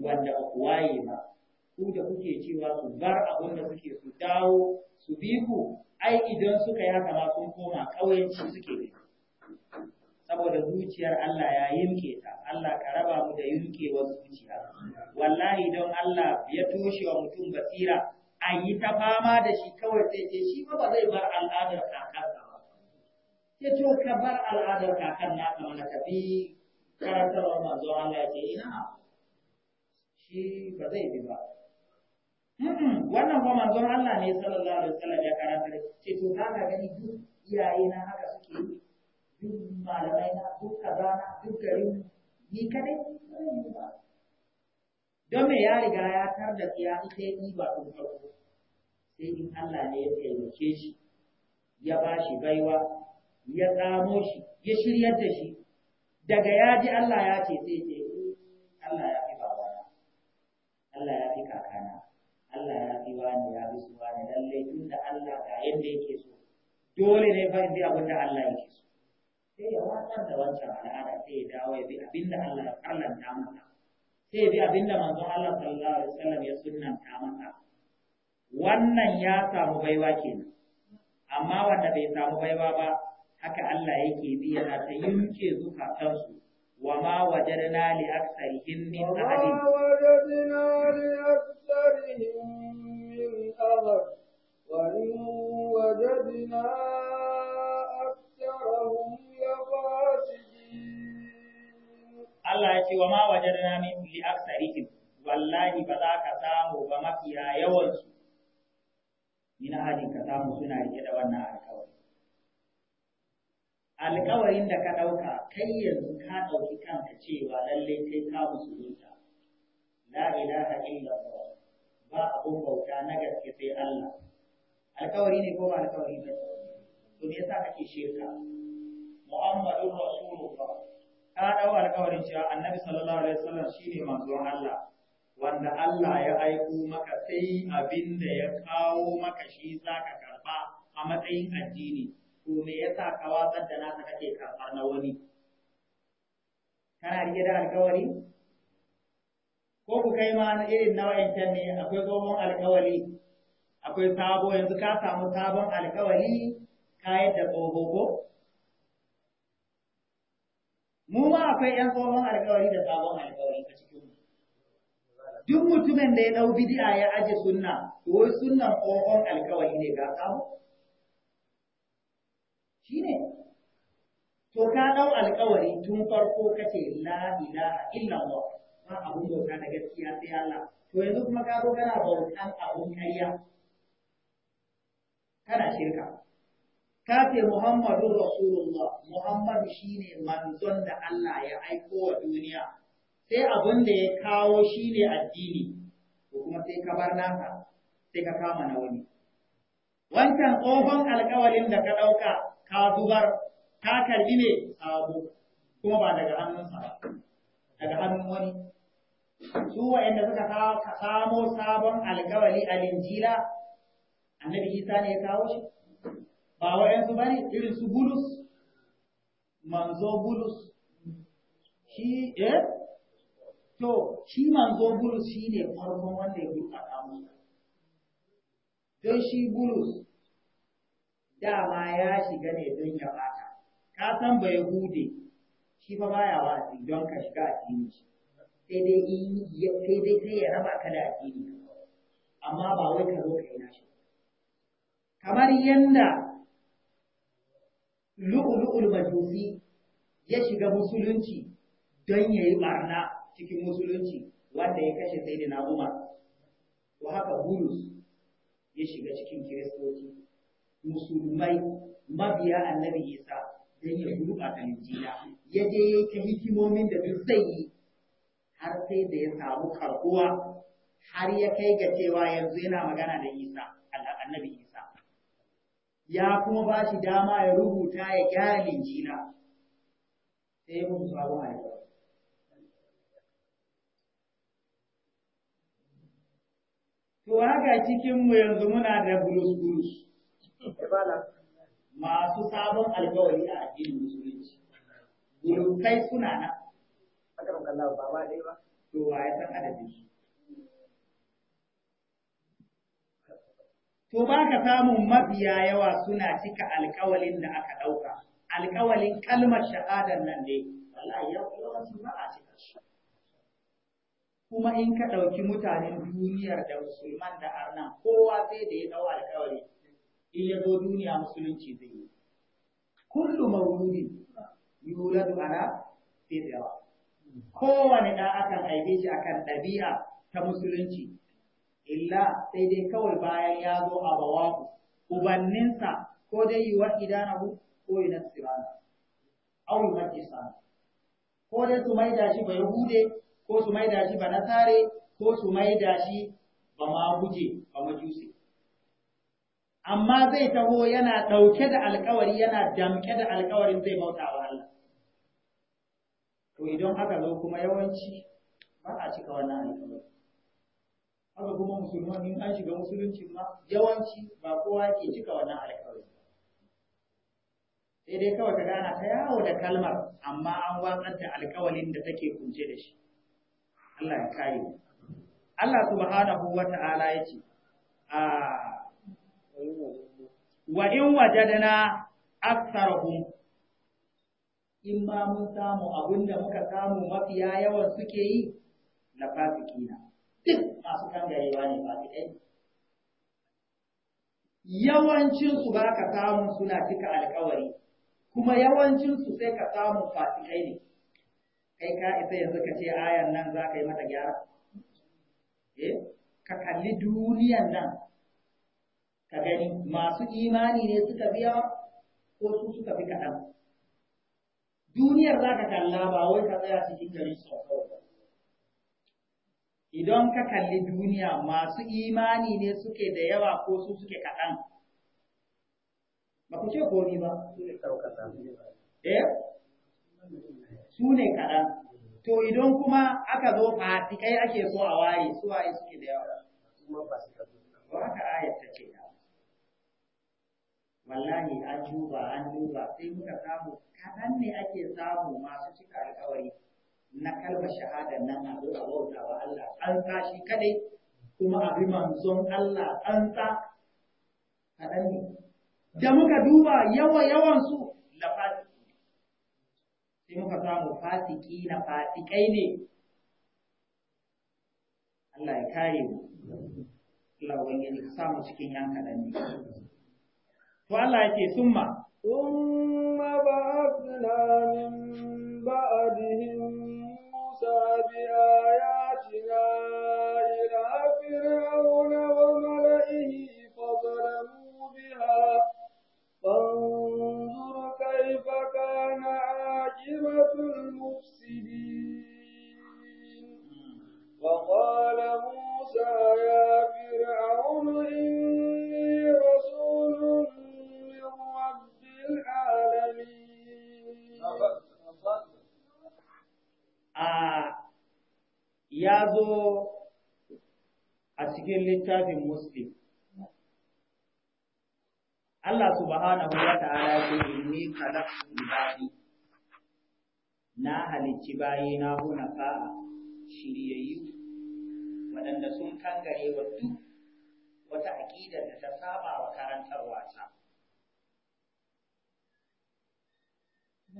wanda ba waye ba, ku da kuke cewa su bar abin da suke su dawo su biku ku, ai idan suka yi haka ma sun koma suke ne. saboda zuciyar Allah ya yimke ta Allah ka raba mu da yimkewar zuciya wallahi don Allah ya toshe wa mutum basira a yi ta fama da shi kawai sai ce shi ba zai bar al'adar kakarsa ba Ya to ka bar al'adar kakan na ka na tafi karantarwar manzo Allah ya ce ina shi ba zai bi ba wannan kuma manzon Allah ne sallallahu alaihi wasallam ya karanta ce to ka gani duk iyaye na haka suke yi duk malamai na duk kaza na duk garin ni kadai zan yi ba don me ya riga ya tar da ya sai ni ba tun farko sai in Allah ne ya taimake shi ya ba shi baiwa ya tsamo shi ya shiryar da shi daga ya ji Allah ya ce sai ce Allah ya fi babana Allah ya fi kakana Allah ya fi wani ya fi su wani lallai, tun da Allah ga yadda yake so dole ne fa in bi abin da Allah yake so sai ya watsar da wancan al'ada sai ya dawo ya bi abinda Allah ya farlanta masa sai ya bi abinda manzon Allah sallallahu alaihi wasallam ya sunnanta masa wannan ya samu baiwa kenan amma wanda bai samu baiwa ba haka Allah yake bi yana ta yunke zukatansu وما وجدنا لأكثرهم من أهل وما وجدنا لأكثرهم من أهل وإن وجدنا Allah ya ce wa ma wajen min li aksarihim wallahi ba za ka samu ba mafiya yawan su ina hadin ka samu suna rike da wannan alƙawari alƙawarin da ka ɗauka kai yanzu ka ɗauki kanka cewa lallai kai ka musulunta la ilaha allah ba abun bauta na gaske sai Allah alƙawari ne ko ba alƙawari ba to me yasa kake shirka muhammadun rasulullah ta dawo alƙawarin cewa annabi sallallahu alaihi wasallam shine manzon Allah wanda Allah ya aiko maka sai abin da ya kawo maka shi zaka karba a matsayin addini to me yasa ka watsar da naka kake karɓar na wani kana rike da alƙawari ko ku kai ma irin na wayancan ne akwai tsohon alƙawari akwai sabo yanzu ka samu sabon alƙawari ka yadda tsoho mu ma akwai ‘yan tsohon alkawari da sabon alkawari a cikin duk mutumin da ya dau bid'a ya aje sunna ko wai tsohon alkawari ne ga sabo ne. to ka dau alkawari tun farko kace la ilaha illallah ba abun bauta na gaskiya sai Allah to yanzu kuma ka zo kana bautan abun karya, kana shirka ka ce Muhammadu Rasulullah Muhammadu shine manzon da Allah ya aiko wa duniya sai abin da ya kawo shine addini ko kuma sai ka bar naka sai ka kama na wani wancan tsohon alƙawarin da ka ɗauka ka zubar ka karbi ne sabo kuma ba daga hannunsa ba daga hannun wani su wa'anda suka samo sabon alƙawari a linjila annabi isa ne ya kawo shi ba wa'yansu ba ne irin su bulus manzo bulus shi eh to shi manzo bulus shi ne farkon wanda ya a musu don shi bulus dama ya shiga ne don ya bata ka san bai hude shi fa baya wa'azi don ka shiga addini sai dai sai dai sai ya raba ka da addini amma ba wai ka zo ka yi nashi kamar yanda lu'ulu'ul majusi ya shiga musulunci don ya yi barna cikin musulunci wanda ya kashe sai Umar Ko haka Bulus ya shiga cikin kiristoci musulmai mabiya annabi Isa don ya a Injila ya je ya ta hikimomin da duk zai yi har sai da ya samu karkuwa, har ya kai ga cewa yanzu yana magana da Isa annabi Isa ya kuma ba shi dama ya rubuta ya gyara jina, sai ya mutu sabon haihuwa To haka cikinmu yanzu muna da bulus-bulus, masu sabon alkawari a addinin musulunci, kai suna nan. Akan ba ba dai ba? To wa ya san adadin su. to ba ka samun mabiya yawa suna cika alkawalin da aka ɗauka alkawalin kalmar shahadar nan ne wallahi yawanci ba a cika shi kuma in ka ɗauki mutanen duniyar da musulman da arna kowa sai da ya ɗau alkawari in ya zo duniya musulunci zai yi kullu mauludi yuladu ala fitra kowane da akan haife shi akan ɗabi'a ta musulunci illa sai dai kawai bayan ya zo a bawaku ubanninsa ko dai yi wa idanahu ko yi nasirana au yi makisana ko dai su maida shi ba yahude ko su maida shi ba nasare ko su maida shi ba ma guje ba majusi amma zai taho yana ɗauke da alkawari yana damke da alkawarin zai bauta wa Allah to idan haka zo kuma yawanci ba a cika wannan alkawari haka kuma musulman in an shiga musulunci ma yawanci ba kowa ke cika wannan alƙawari sai dai kawai ka gana ta yawo da kalmar amma an watsar da alƙawarin da take kunce da shi Allah ya kare Allah subhanahu wa ta'ala ya ce a ah, wa in wajadana aktsarahum in ma mun samu abinda muka samu mafiya yawan suke yi la fasikina garewa ne ba su ɗai. Yawancinsu ba ka samu suna cika alkawari, kuma yawancinsu sai ka samu fasikai ne. Kai ka isa yanzu ka ce ayan nan za ka yi mata gyara? Eh, ka kalli duniyan nan, ka gani masu imani ne suka biya ko su suka fi kaɗan. Duniyar za ka kalla ba wai ka tsaya cikin gari sau idan ka kalli duniya masu imani ne suke da yawa ko su suke kaɗan ba ku ce komi ba eh su ne kaɗan to idan kuma aka zo fasikai ake so a waye su waye suke da yawa ba haka ayat ta ce wallahi an duba an duba sai muka samu kaɗan ne ake samu masu cika alkawari na kalmar shahada nan a zo a bauta wa Allah an sa shi kadai kuma a bi manzon Allah an sa kaɗan ne. Da muka duba yawa yawan su la fatiki Sai muka samu fatiki na fatikai ne. Allah ya kare mu. Allah wani ya samu cikin yan kaɗan ne. To Allah ya summa ثم بعثنا من بعدهم موسى بآياتنا إلى فرعون وملئه فظلموا بها فانظر كيف كان عاقبة المفسدين وقال موسى يا فرعون إن ya zo a cikin littafin Muslim. Allah subhanahu wa ta'ala ce inni khalaqtu ibadi na halicci bayi na huna fa'a shiryayyu waɗanda sun kangare wa duk wata aƙidar da ta saba wa karantarwa ta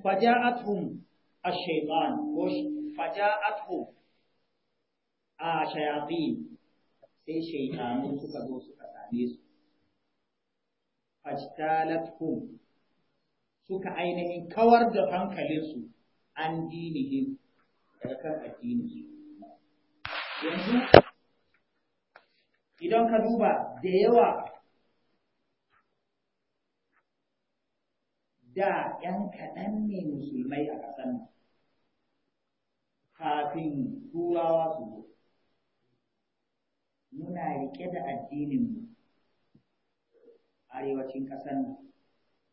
faja'atuhum ash-shaytan ko faja'atuhum shayatin sai shaytanu suka zo suka same su fajtalatuhum suka ainihin kawar da su an dinihin daga kan addini yanzu idan ka duba da yawa da ‘yan kaɗan ne musulmai a ƙasar nan kafin turawa su zo muna riƙe da addininmu arewacin ƙasar nan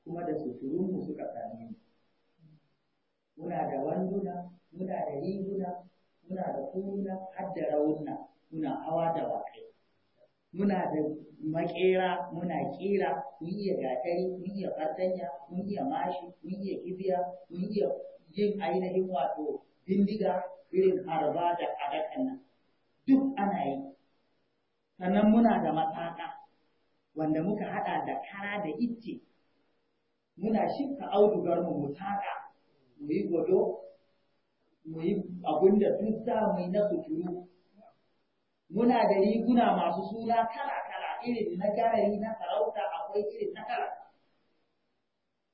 kuma da suturunmu suka same mu muna da wanduna muna da riguna muna da kuruna har da raunna muna hawa da baƙi. muna da makera muna kera mun iya gatari mun iya fartanya mun iya mashi mun iya kibiya mun iya yin ainihin wato bindiga irin harba da adakan nan duk ana yi sannan muna da matsaka wanda muka hada da kara da icce muna shifka audugar mu mutaka mu yi godo mu yi abin da mu yi na suturu muna da riguna masu suna kala-kala irin na garayi na sarauta akwai irin na kala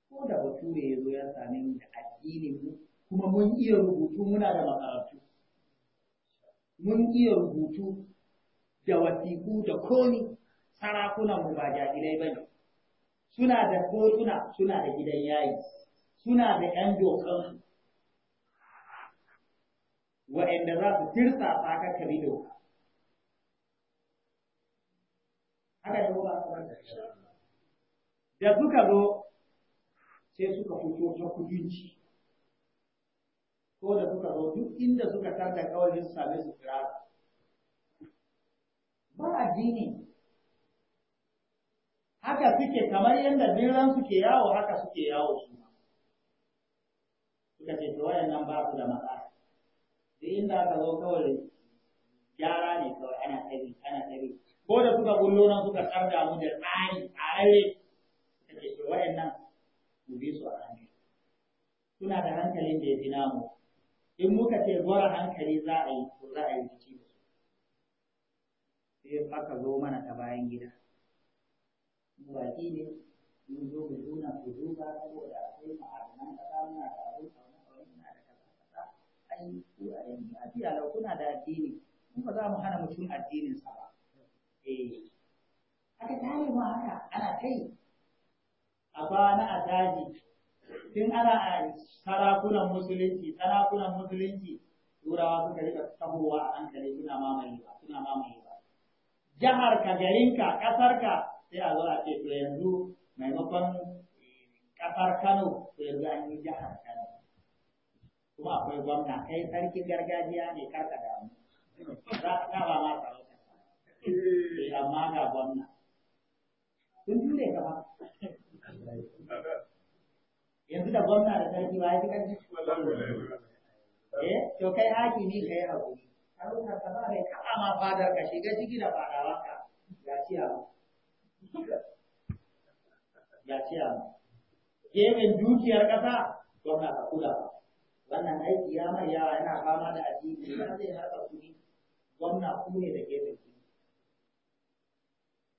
ko da bature ya zo ya same da addinin mu kuma mun iya rubutu muna da makarantu mun iya rubutu da wasiku da koni sarakunan mu ba jarirai ba ne suna da kotuna suna da gidan yayi suna da ‘yan dokan Waɗanda za su tirsa ka kabi doka haka da ba ka da suka zo sai suka fito ta kudinci ko da suka zo duk inda suka tarda kawai su same su kira ba addini haka suke kamar yadda birran suke yawo haka suke yawo su suka ce to nan ba su da matsala duk inda aka zo kawai gyara ne kawai ana tabi ana tabi ko da suka bullo nan suka sarda mu da tsari tsare ke ce wayannan mu bi su a hankali suna da hankalin da ya fi namu in muka ce gora hankali za a yi ko za a yi ciki da su sai aka zo mana ta bayan gida mu baki ne mun zo mu juna ku duba saboda akwai ma'adanan kasa muna da abin kauna kauna muna da kaza kaza ai ku a yanzu a kuna da addini kuma ba za mu hana mutum sa ba Eh. aka tare ma haka ana kai a kwana a daji tun ana a sarakunan musulunci sarakunan musulunci turawa suka rika tahowa a hankali suna mamaye ba suna mamaye ba jihar ka garinka kasar ka sai a zo a ce to yanzu maimakon kasar eh, Kano to yanzu an yi jihar Kano kuma akwai gwamna kai sarkin gargajiya ne karka damu za ka ba ma tsaro Sai amma ga gwamna. Sun Yanzu da ya fi ƙarfi. Eh, ma Ya Ya Gemin dukiyar ƙasa gwamna ka kula ba. wannan aiki ya mai yawa yana fama da addini ya zai harka kuɗi gwamna ku ne da gefen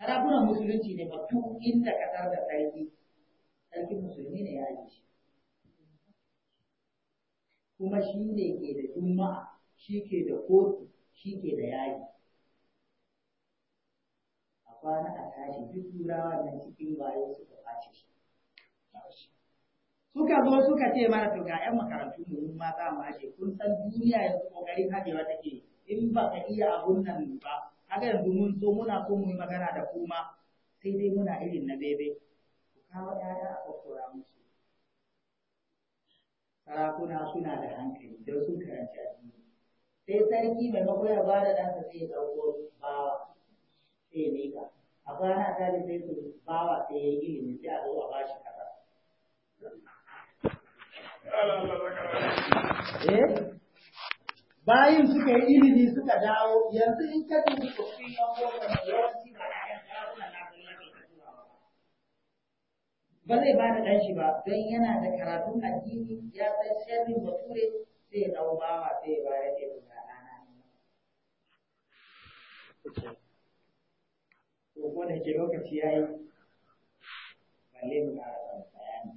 harabunan musulunci ne ba duk inda ka da sarki sarkin musulmi ne ya yi shi kuma shi ne ke da juma shi ke da kotu shi ke da yaji a kwana a tashi duk turawa nan cikin wayo suka fashe shi suka zo suka ce mana to ga ƴan makarantu mu ma za mu kun san duniya yanzu kokarin hajewa take in ba ka iya abun nan ba haka yanzu mun so muna so mu yi magana da kuma sai dai muna irin na bebe ku kawo ɗaya a kwakwara musu sarakuna suna da hankali don sun karanci addini sai sarki mai ya ba da ɗansa sai ya ɗauko bawa sai ya miƙa a kwana ta sai su bawa sai ya yi ilimi sai a zo a bashi ƙasa. Eh? bayan suka yi ilimi suka dawo yanzu in ka dubi tsoffin ɓangaren yawanci ba a yan ɗarunan ba zai ba da ɗan shi ba don yana da karatun addini ya san sharrin bature sai dawo bawa sai ya ke da ya ga ɗana to ko da ke lokaci ya yi balle mu ƙara bayani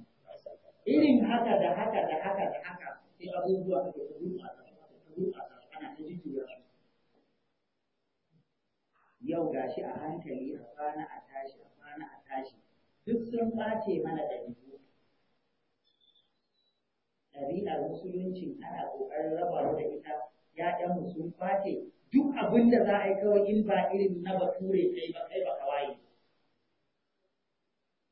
irin haka da haka da haka da haka sai abubuwa da ke a yau gashi a hankali a kwana a tashi a kwana a tashi duk sun ɓace mana ɗabi'u ɗabi'ar Musuluncin ana ƙoƙarin raba da ita ‘ya'yanmu sun ɓace duk abin da za a yi kawai in ba irin na bature kai ba kai ba kawai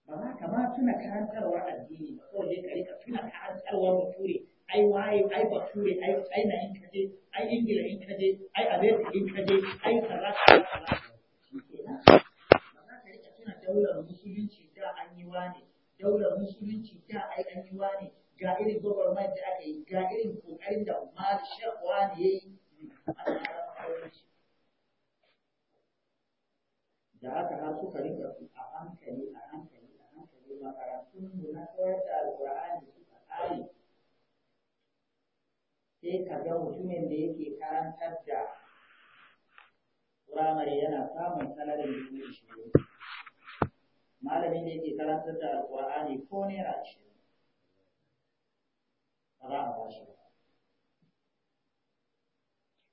ba ma kama tuna karantarwar addini ba kawai ka rika tuna karantarwar bature ai waye ai bature ai ai na in kaje ai ingila in kaje ai america in kaje ai kaza kaza daular musulunci da an yi wane daular musulunci da ai an yi wane ga irin gwagwarmayar da aka yi ga irin kokarin da umar shekwa ne ya yi da aka har suka rinka a hankali a hankali a hankali makarantunmu na koyar da alƙur'ani suka ƙare sai ka ga mutumin da yake karantar da firamare yana samun sanarin dubu ishirin malamin da yake karantar da alƙur'ani ko naira ashirin ba za a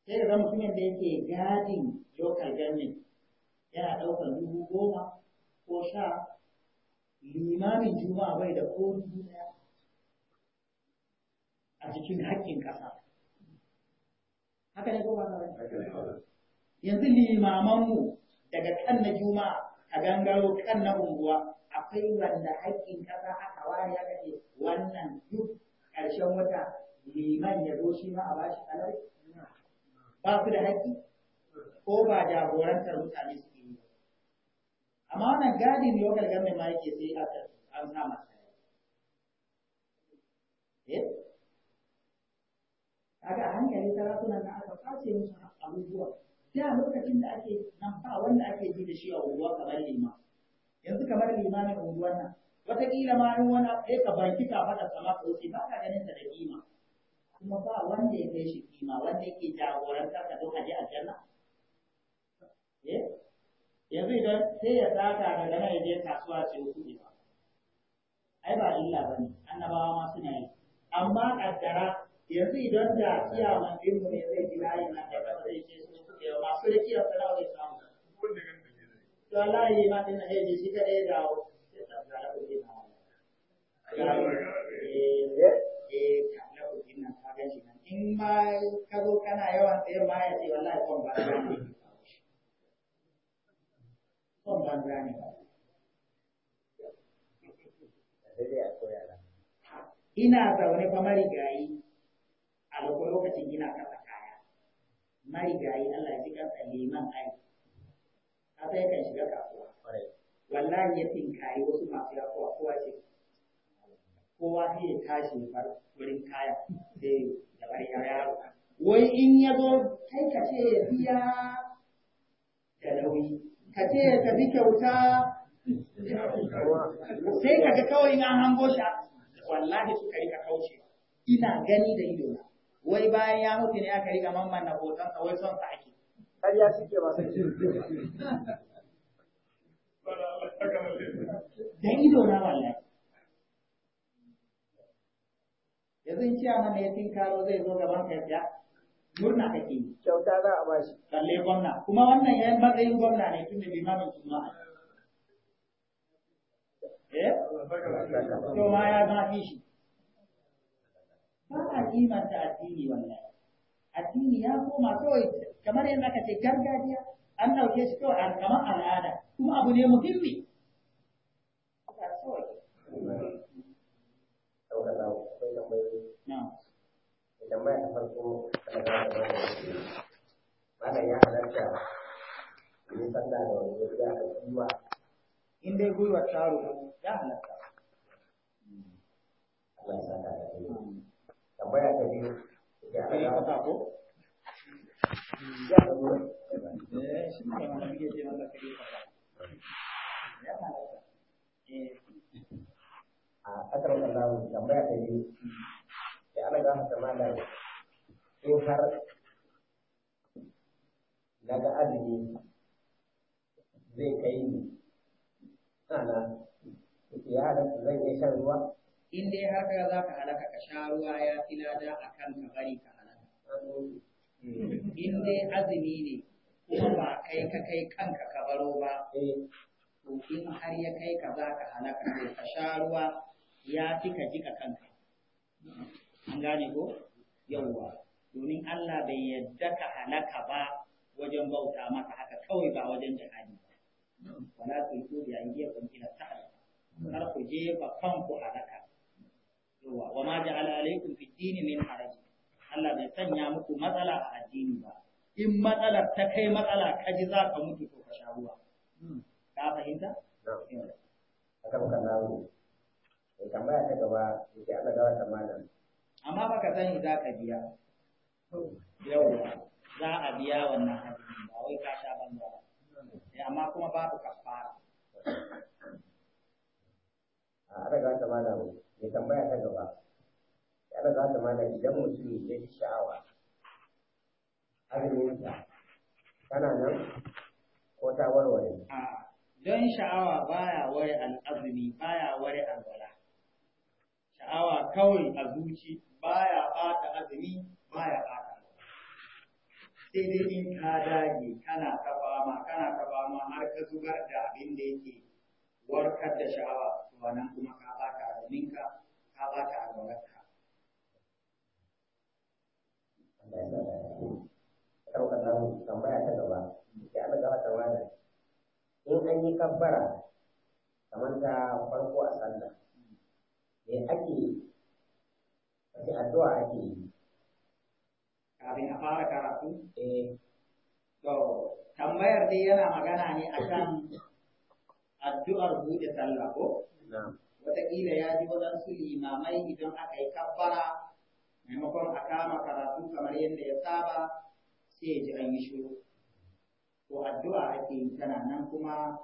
sai ga mutumin da yake gadin local government yana ɗaukar dubu goma ko sha limamin juma'a bai da ko dubu ɗaya a cikin haƙƙin ƙasa haka ne ko ba yanzu limamanmu daga kan na juma'a a gangaro kan na unguwa akwai wanda haƙƙin ƙasa aka ware ya ce wannan duk ƙarshen wata liman ya zo shi ma a bashi alai ba su da haƙƙi ko ba jagorantar mutane su yi amma wannan gadi ne wakar gamin ma yake sai a an sa masa eh? kaga a ta sarakunan na aka kwace musu abubuwa da lokacin da ake nan ba wanda ake ji da shi a unguwa kamar lima yanzu kamar na unguwan nan wataƙila ma in wani abu ka banki ka faɗa sama ka wuce ba ka ganin ta da kima kuma ba wanda ya kai shi kima wanda yake jagorantar ka don a je aljanna eh? yanzu idan sai ya tsaka daga nan ya je kasuwa ce wasu ne ba ai ba illa ba ne annabawa ma suna yi amma ƙaddara yanzu idan da kiyaman ɗinmu ne zai ji layin na gaba zai ce su suke masu da to ma ɗin na heji shi kaɗai ya dawo ya samu da na eh, eh, eh, in ma ka zo kana yawan tsaye ma ya ce wallahi kwan banza ne kwan banza ne ina zaune fa marigayi a wata lokacin ina karɓa kaya marigayi Allah ji kansa liman ai ka sai kan shiga kasuwa wallahi ya fin tinkayi wasu masu yakuwa kowa kowa ce kowa sai ya tashi far wurin kaya sai da bari yaro wai in ya zo kai ka ce ya biya da nauyi ka ce ya tafi kyauta sai ka ga kawai na hango shi wallahi suka rika kaucewa ina gani da ido na wai bayan ya mutu ne aka riga mamman na hoton sa wai son sa ake ya suke ba sai dan ido na wallahi yanzu in ciya mana ya tinkaro zai zo gaban ka ya murna kake yi kyauta za a bashi kalle gwamna kuma wannan yayin matsayin gwamna ne tun da limamin kuma eh to ma ya zama shi ba a kimanta addini wallahi addini ya koma kawai kamar yadda aka ce gargajiya an ɗauke shi kawai kamar al'ada kuma abu ne muhimmi da in dai gwiwa taro ya Allah ya da tambaya ta biyu ya eh, eh, ah, ka ko ya ka zo shi ne ma nake ce maka kai ka ya ka eh a kasar Allah tambaya ta biyu ya ga har daga azumi zai kai ni sana ya shan ruwa in dai har ka za ka halaka ka sha ruwa ya tilada a kan ka bari ka halaka. In dai azumi ne ko ba kai ka kai kanka ka baro ba, to in har ya kai ka za ka halaka to ka sha ruwa ya fi ka jika kanka. An gane ko? Yawwa. Domin Allah bai yadda ka halaka ba wajen bauta maka haka kawai ba wajen jihadi ba. Wala tulku bi an yi kun ila sa'ala. Kar ku je ba kanku halaka. wa ma ja'ala alaykum fi dini min haraj Allah bai sanya muku matsala a addini ba in matsalar ta kai matsala ka ji za ka mutu to ka sha ruwa hmm. ka fahimta tambaya ta gaba yake Allah gawa ta malam amma baka sani za ka biya yawwa za a biya wannan hadisi ba wai ka sha banza ba hmm. eh, amma kuma babu kafara a daga ta malam sai tambaya ta gaba yana za ta mana idan mutum ya ji sha'awa azuminsa tana nan ko ta warware don sha'awa baya ware al-azumi, baya ware alwala sha'awa kawai a zuci baya bata azumi baya bata sai dai in ka dage kana ta fama kana ta fama har ka zubar da abin da yake warkar da sha'awa to nan kuma in an yi kabbara kamar ta farko a sallah me ake wace addu'a ake yi kafin a fara karatu eh to tambayar dai yana magana ne akan addu'ar buɗe sallah ko wataƙila ya ji waɗansu limamai idan aka yi kabbara maimakon a kama karatu kamar yadda ya saba sai ya ji an yi shiru ko addu'a ake yi tana nan kuma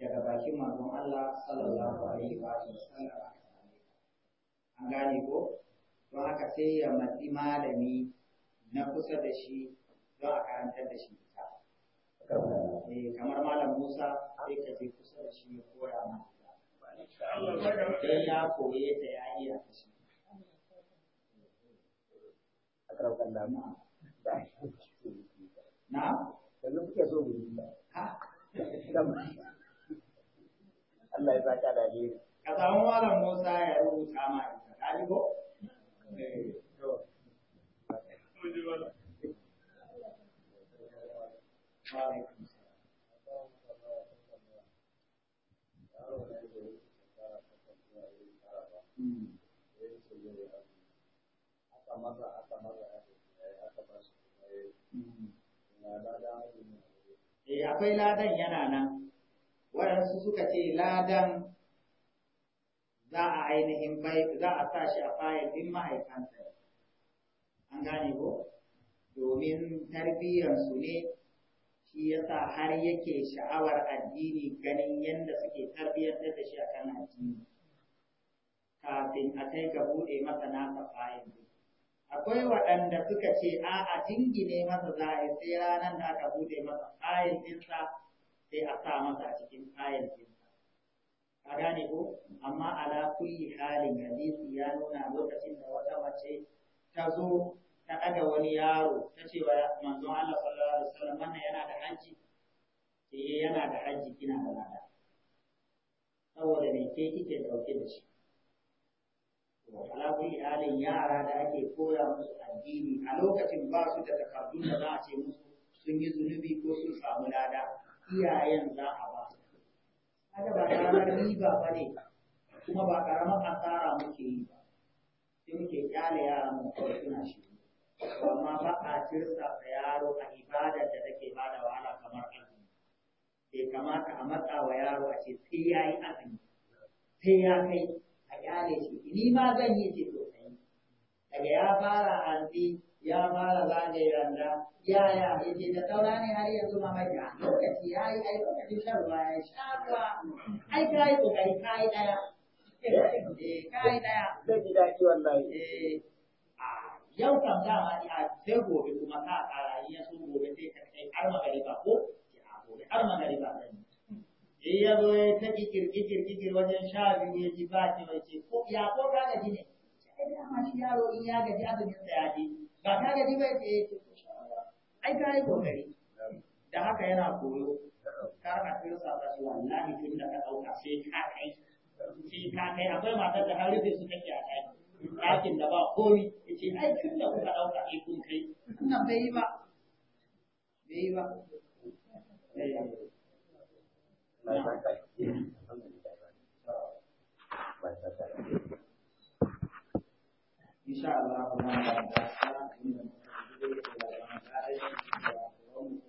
daga bakin manzon Allah sallallahu alaihi wa sallam an gane ko don haka sai ya matsi malami na kusa da shi don a karantar da shi ta. Eh, kamar malam Musa sai ka je kusa da shi ya koya mana ya koye ta ya iya ta shi na yanzu kuke so mu yi Allah ya saka da alheri ka samu malam Musa ya rubuta ma ka ko eh, hmm. Hmm. Aka basu, eh akwai ladan yana nan waɗansu suka ce ladan za a ainihin za a sa shi a fayil din mahaifansa an gane ko domin tarbiyyarsu ne shi ya sa har yake sha'awar addini ganin yadda suke tarbiyyar da shi akan addini kafin a kai ga buɗe masa nasa fayil akwai waɗanda suka ce a a jingine masa zahir sai ranar da aka bude masa fayil ɗinsa sai a sa masa a cikin fayil ɗinsa ka gane ko amma ala kulli halin hadisi ya nuna lokacin da wata mace ta zo ta ɗaga wani yaro ta ce wa manzon Allah sallallahu alaihi wasallam wannan yana da hajji eh yana da hajji kina da lada saboda me ke kike dauke da shi ala kulli halin yara da ake koya musu addini a lokacin ba su da takardun da za a ce musu sun yi zunubi ko sun samu lada iyayen za a ba su haka ba karamar riba ba ne kuma ba karamar asara muke yi ba sai muke kyale yara mu kawai suna shi amma ba a tirsa yaro a ibada da take ba da wahala kamar azumi bai kamata a matsa wa yaro a ce sai ya yi azumi sai ya kai a kyale shi ni ma zan yi ce to daga ya fara hanzi ya fara zagaye randa ya ya yake da saura ne har yanzu ma mai lokaci ya yi ai lokacin shan ruwa ya sha ruwa ai ka yi kokari ka yi daya eh, ka yi daya zai ji daɗi wallahi eh, yau kan dama ni a sai gobe kuma ka kara in ya so gobe sai ka kai har magariba ko har magariba zan sai ya zo ya ta kirkir wajen sha biyu ya ji ba ki mai ce ko ya ko ka gaji ne sai dama shi yaro in ya gaji ya ji ba ka gaji bai ce ya ce eh, ai ka yi kokari da haka yana koyo kar ka sa ta wallahi tun da ka dauka sai ka kai sai ka kai akwai matar da har su take a kai ɗakin da ba komi ya ce ai tun da kuka dauka ai kun kai wannan bai yi ba bai yi ba Insha Allah, kuma da ta sa inda mutum da ma'aikata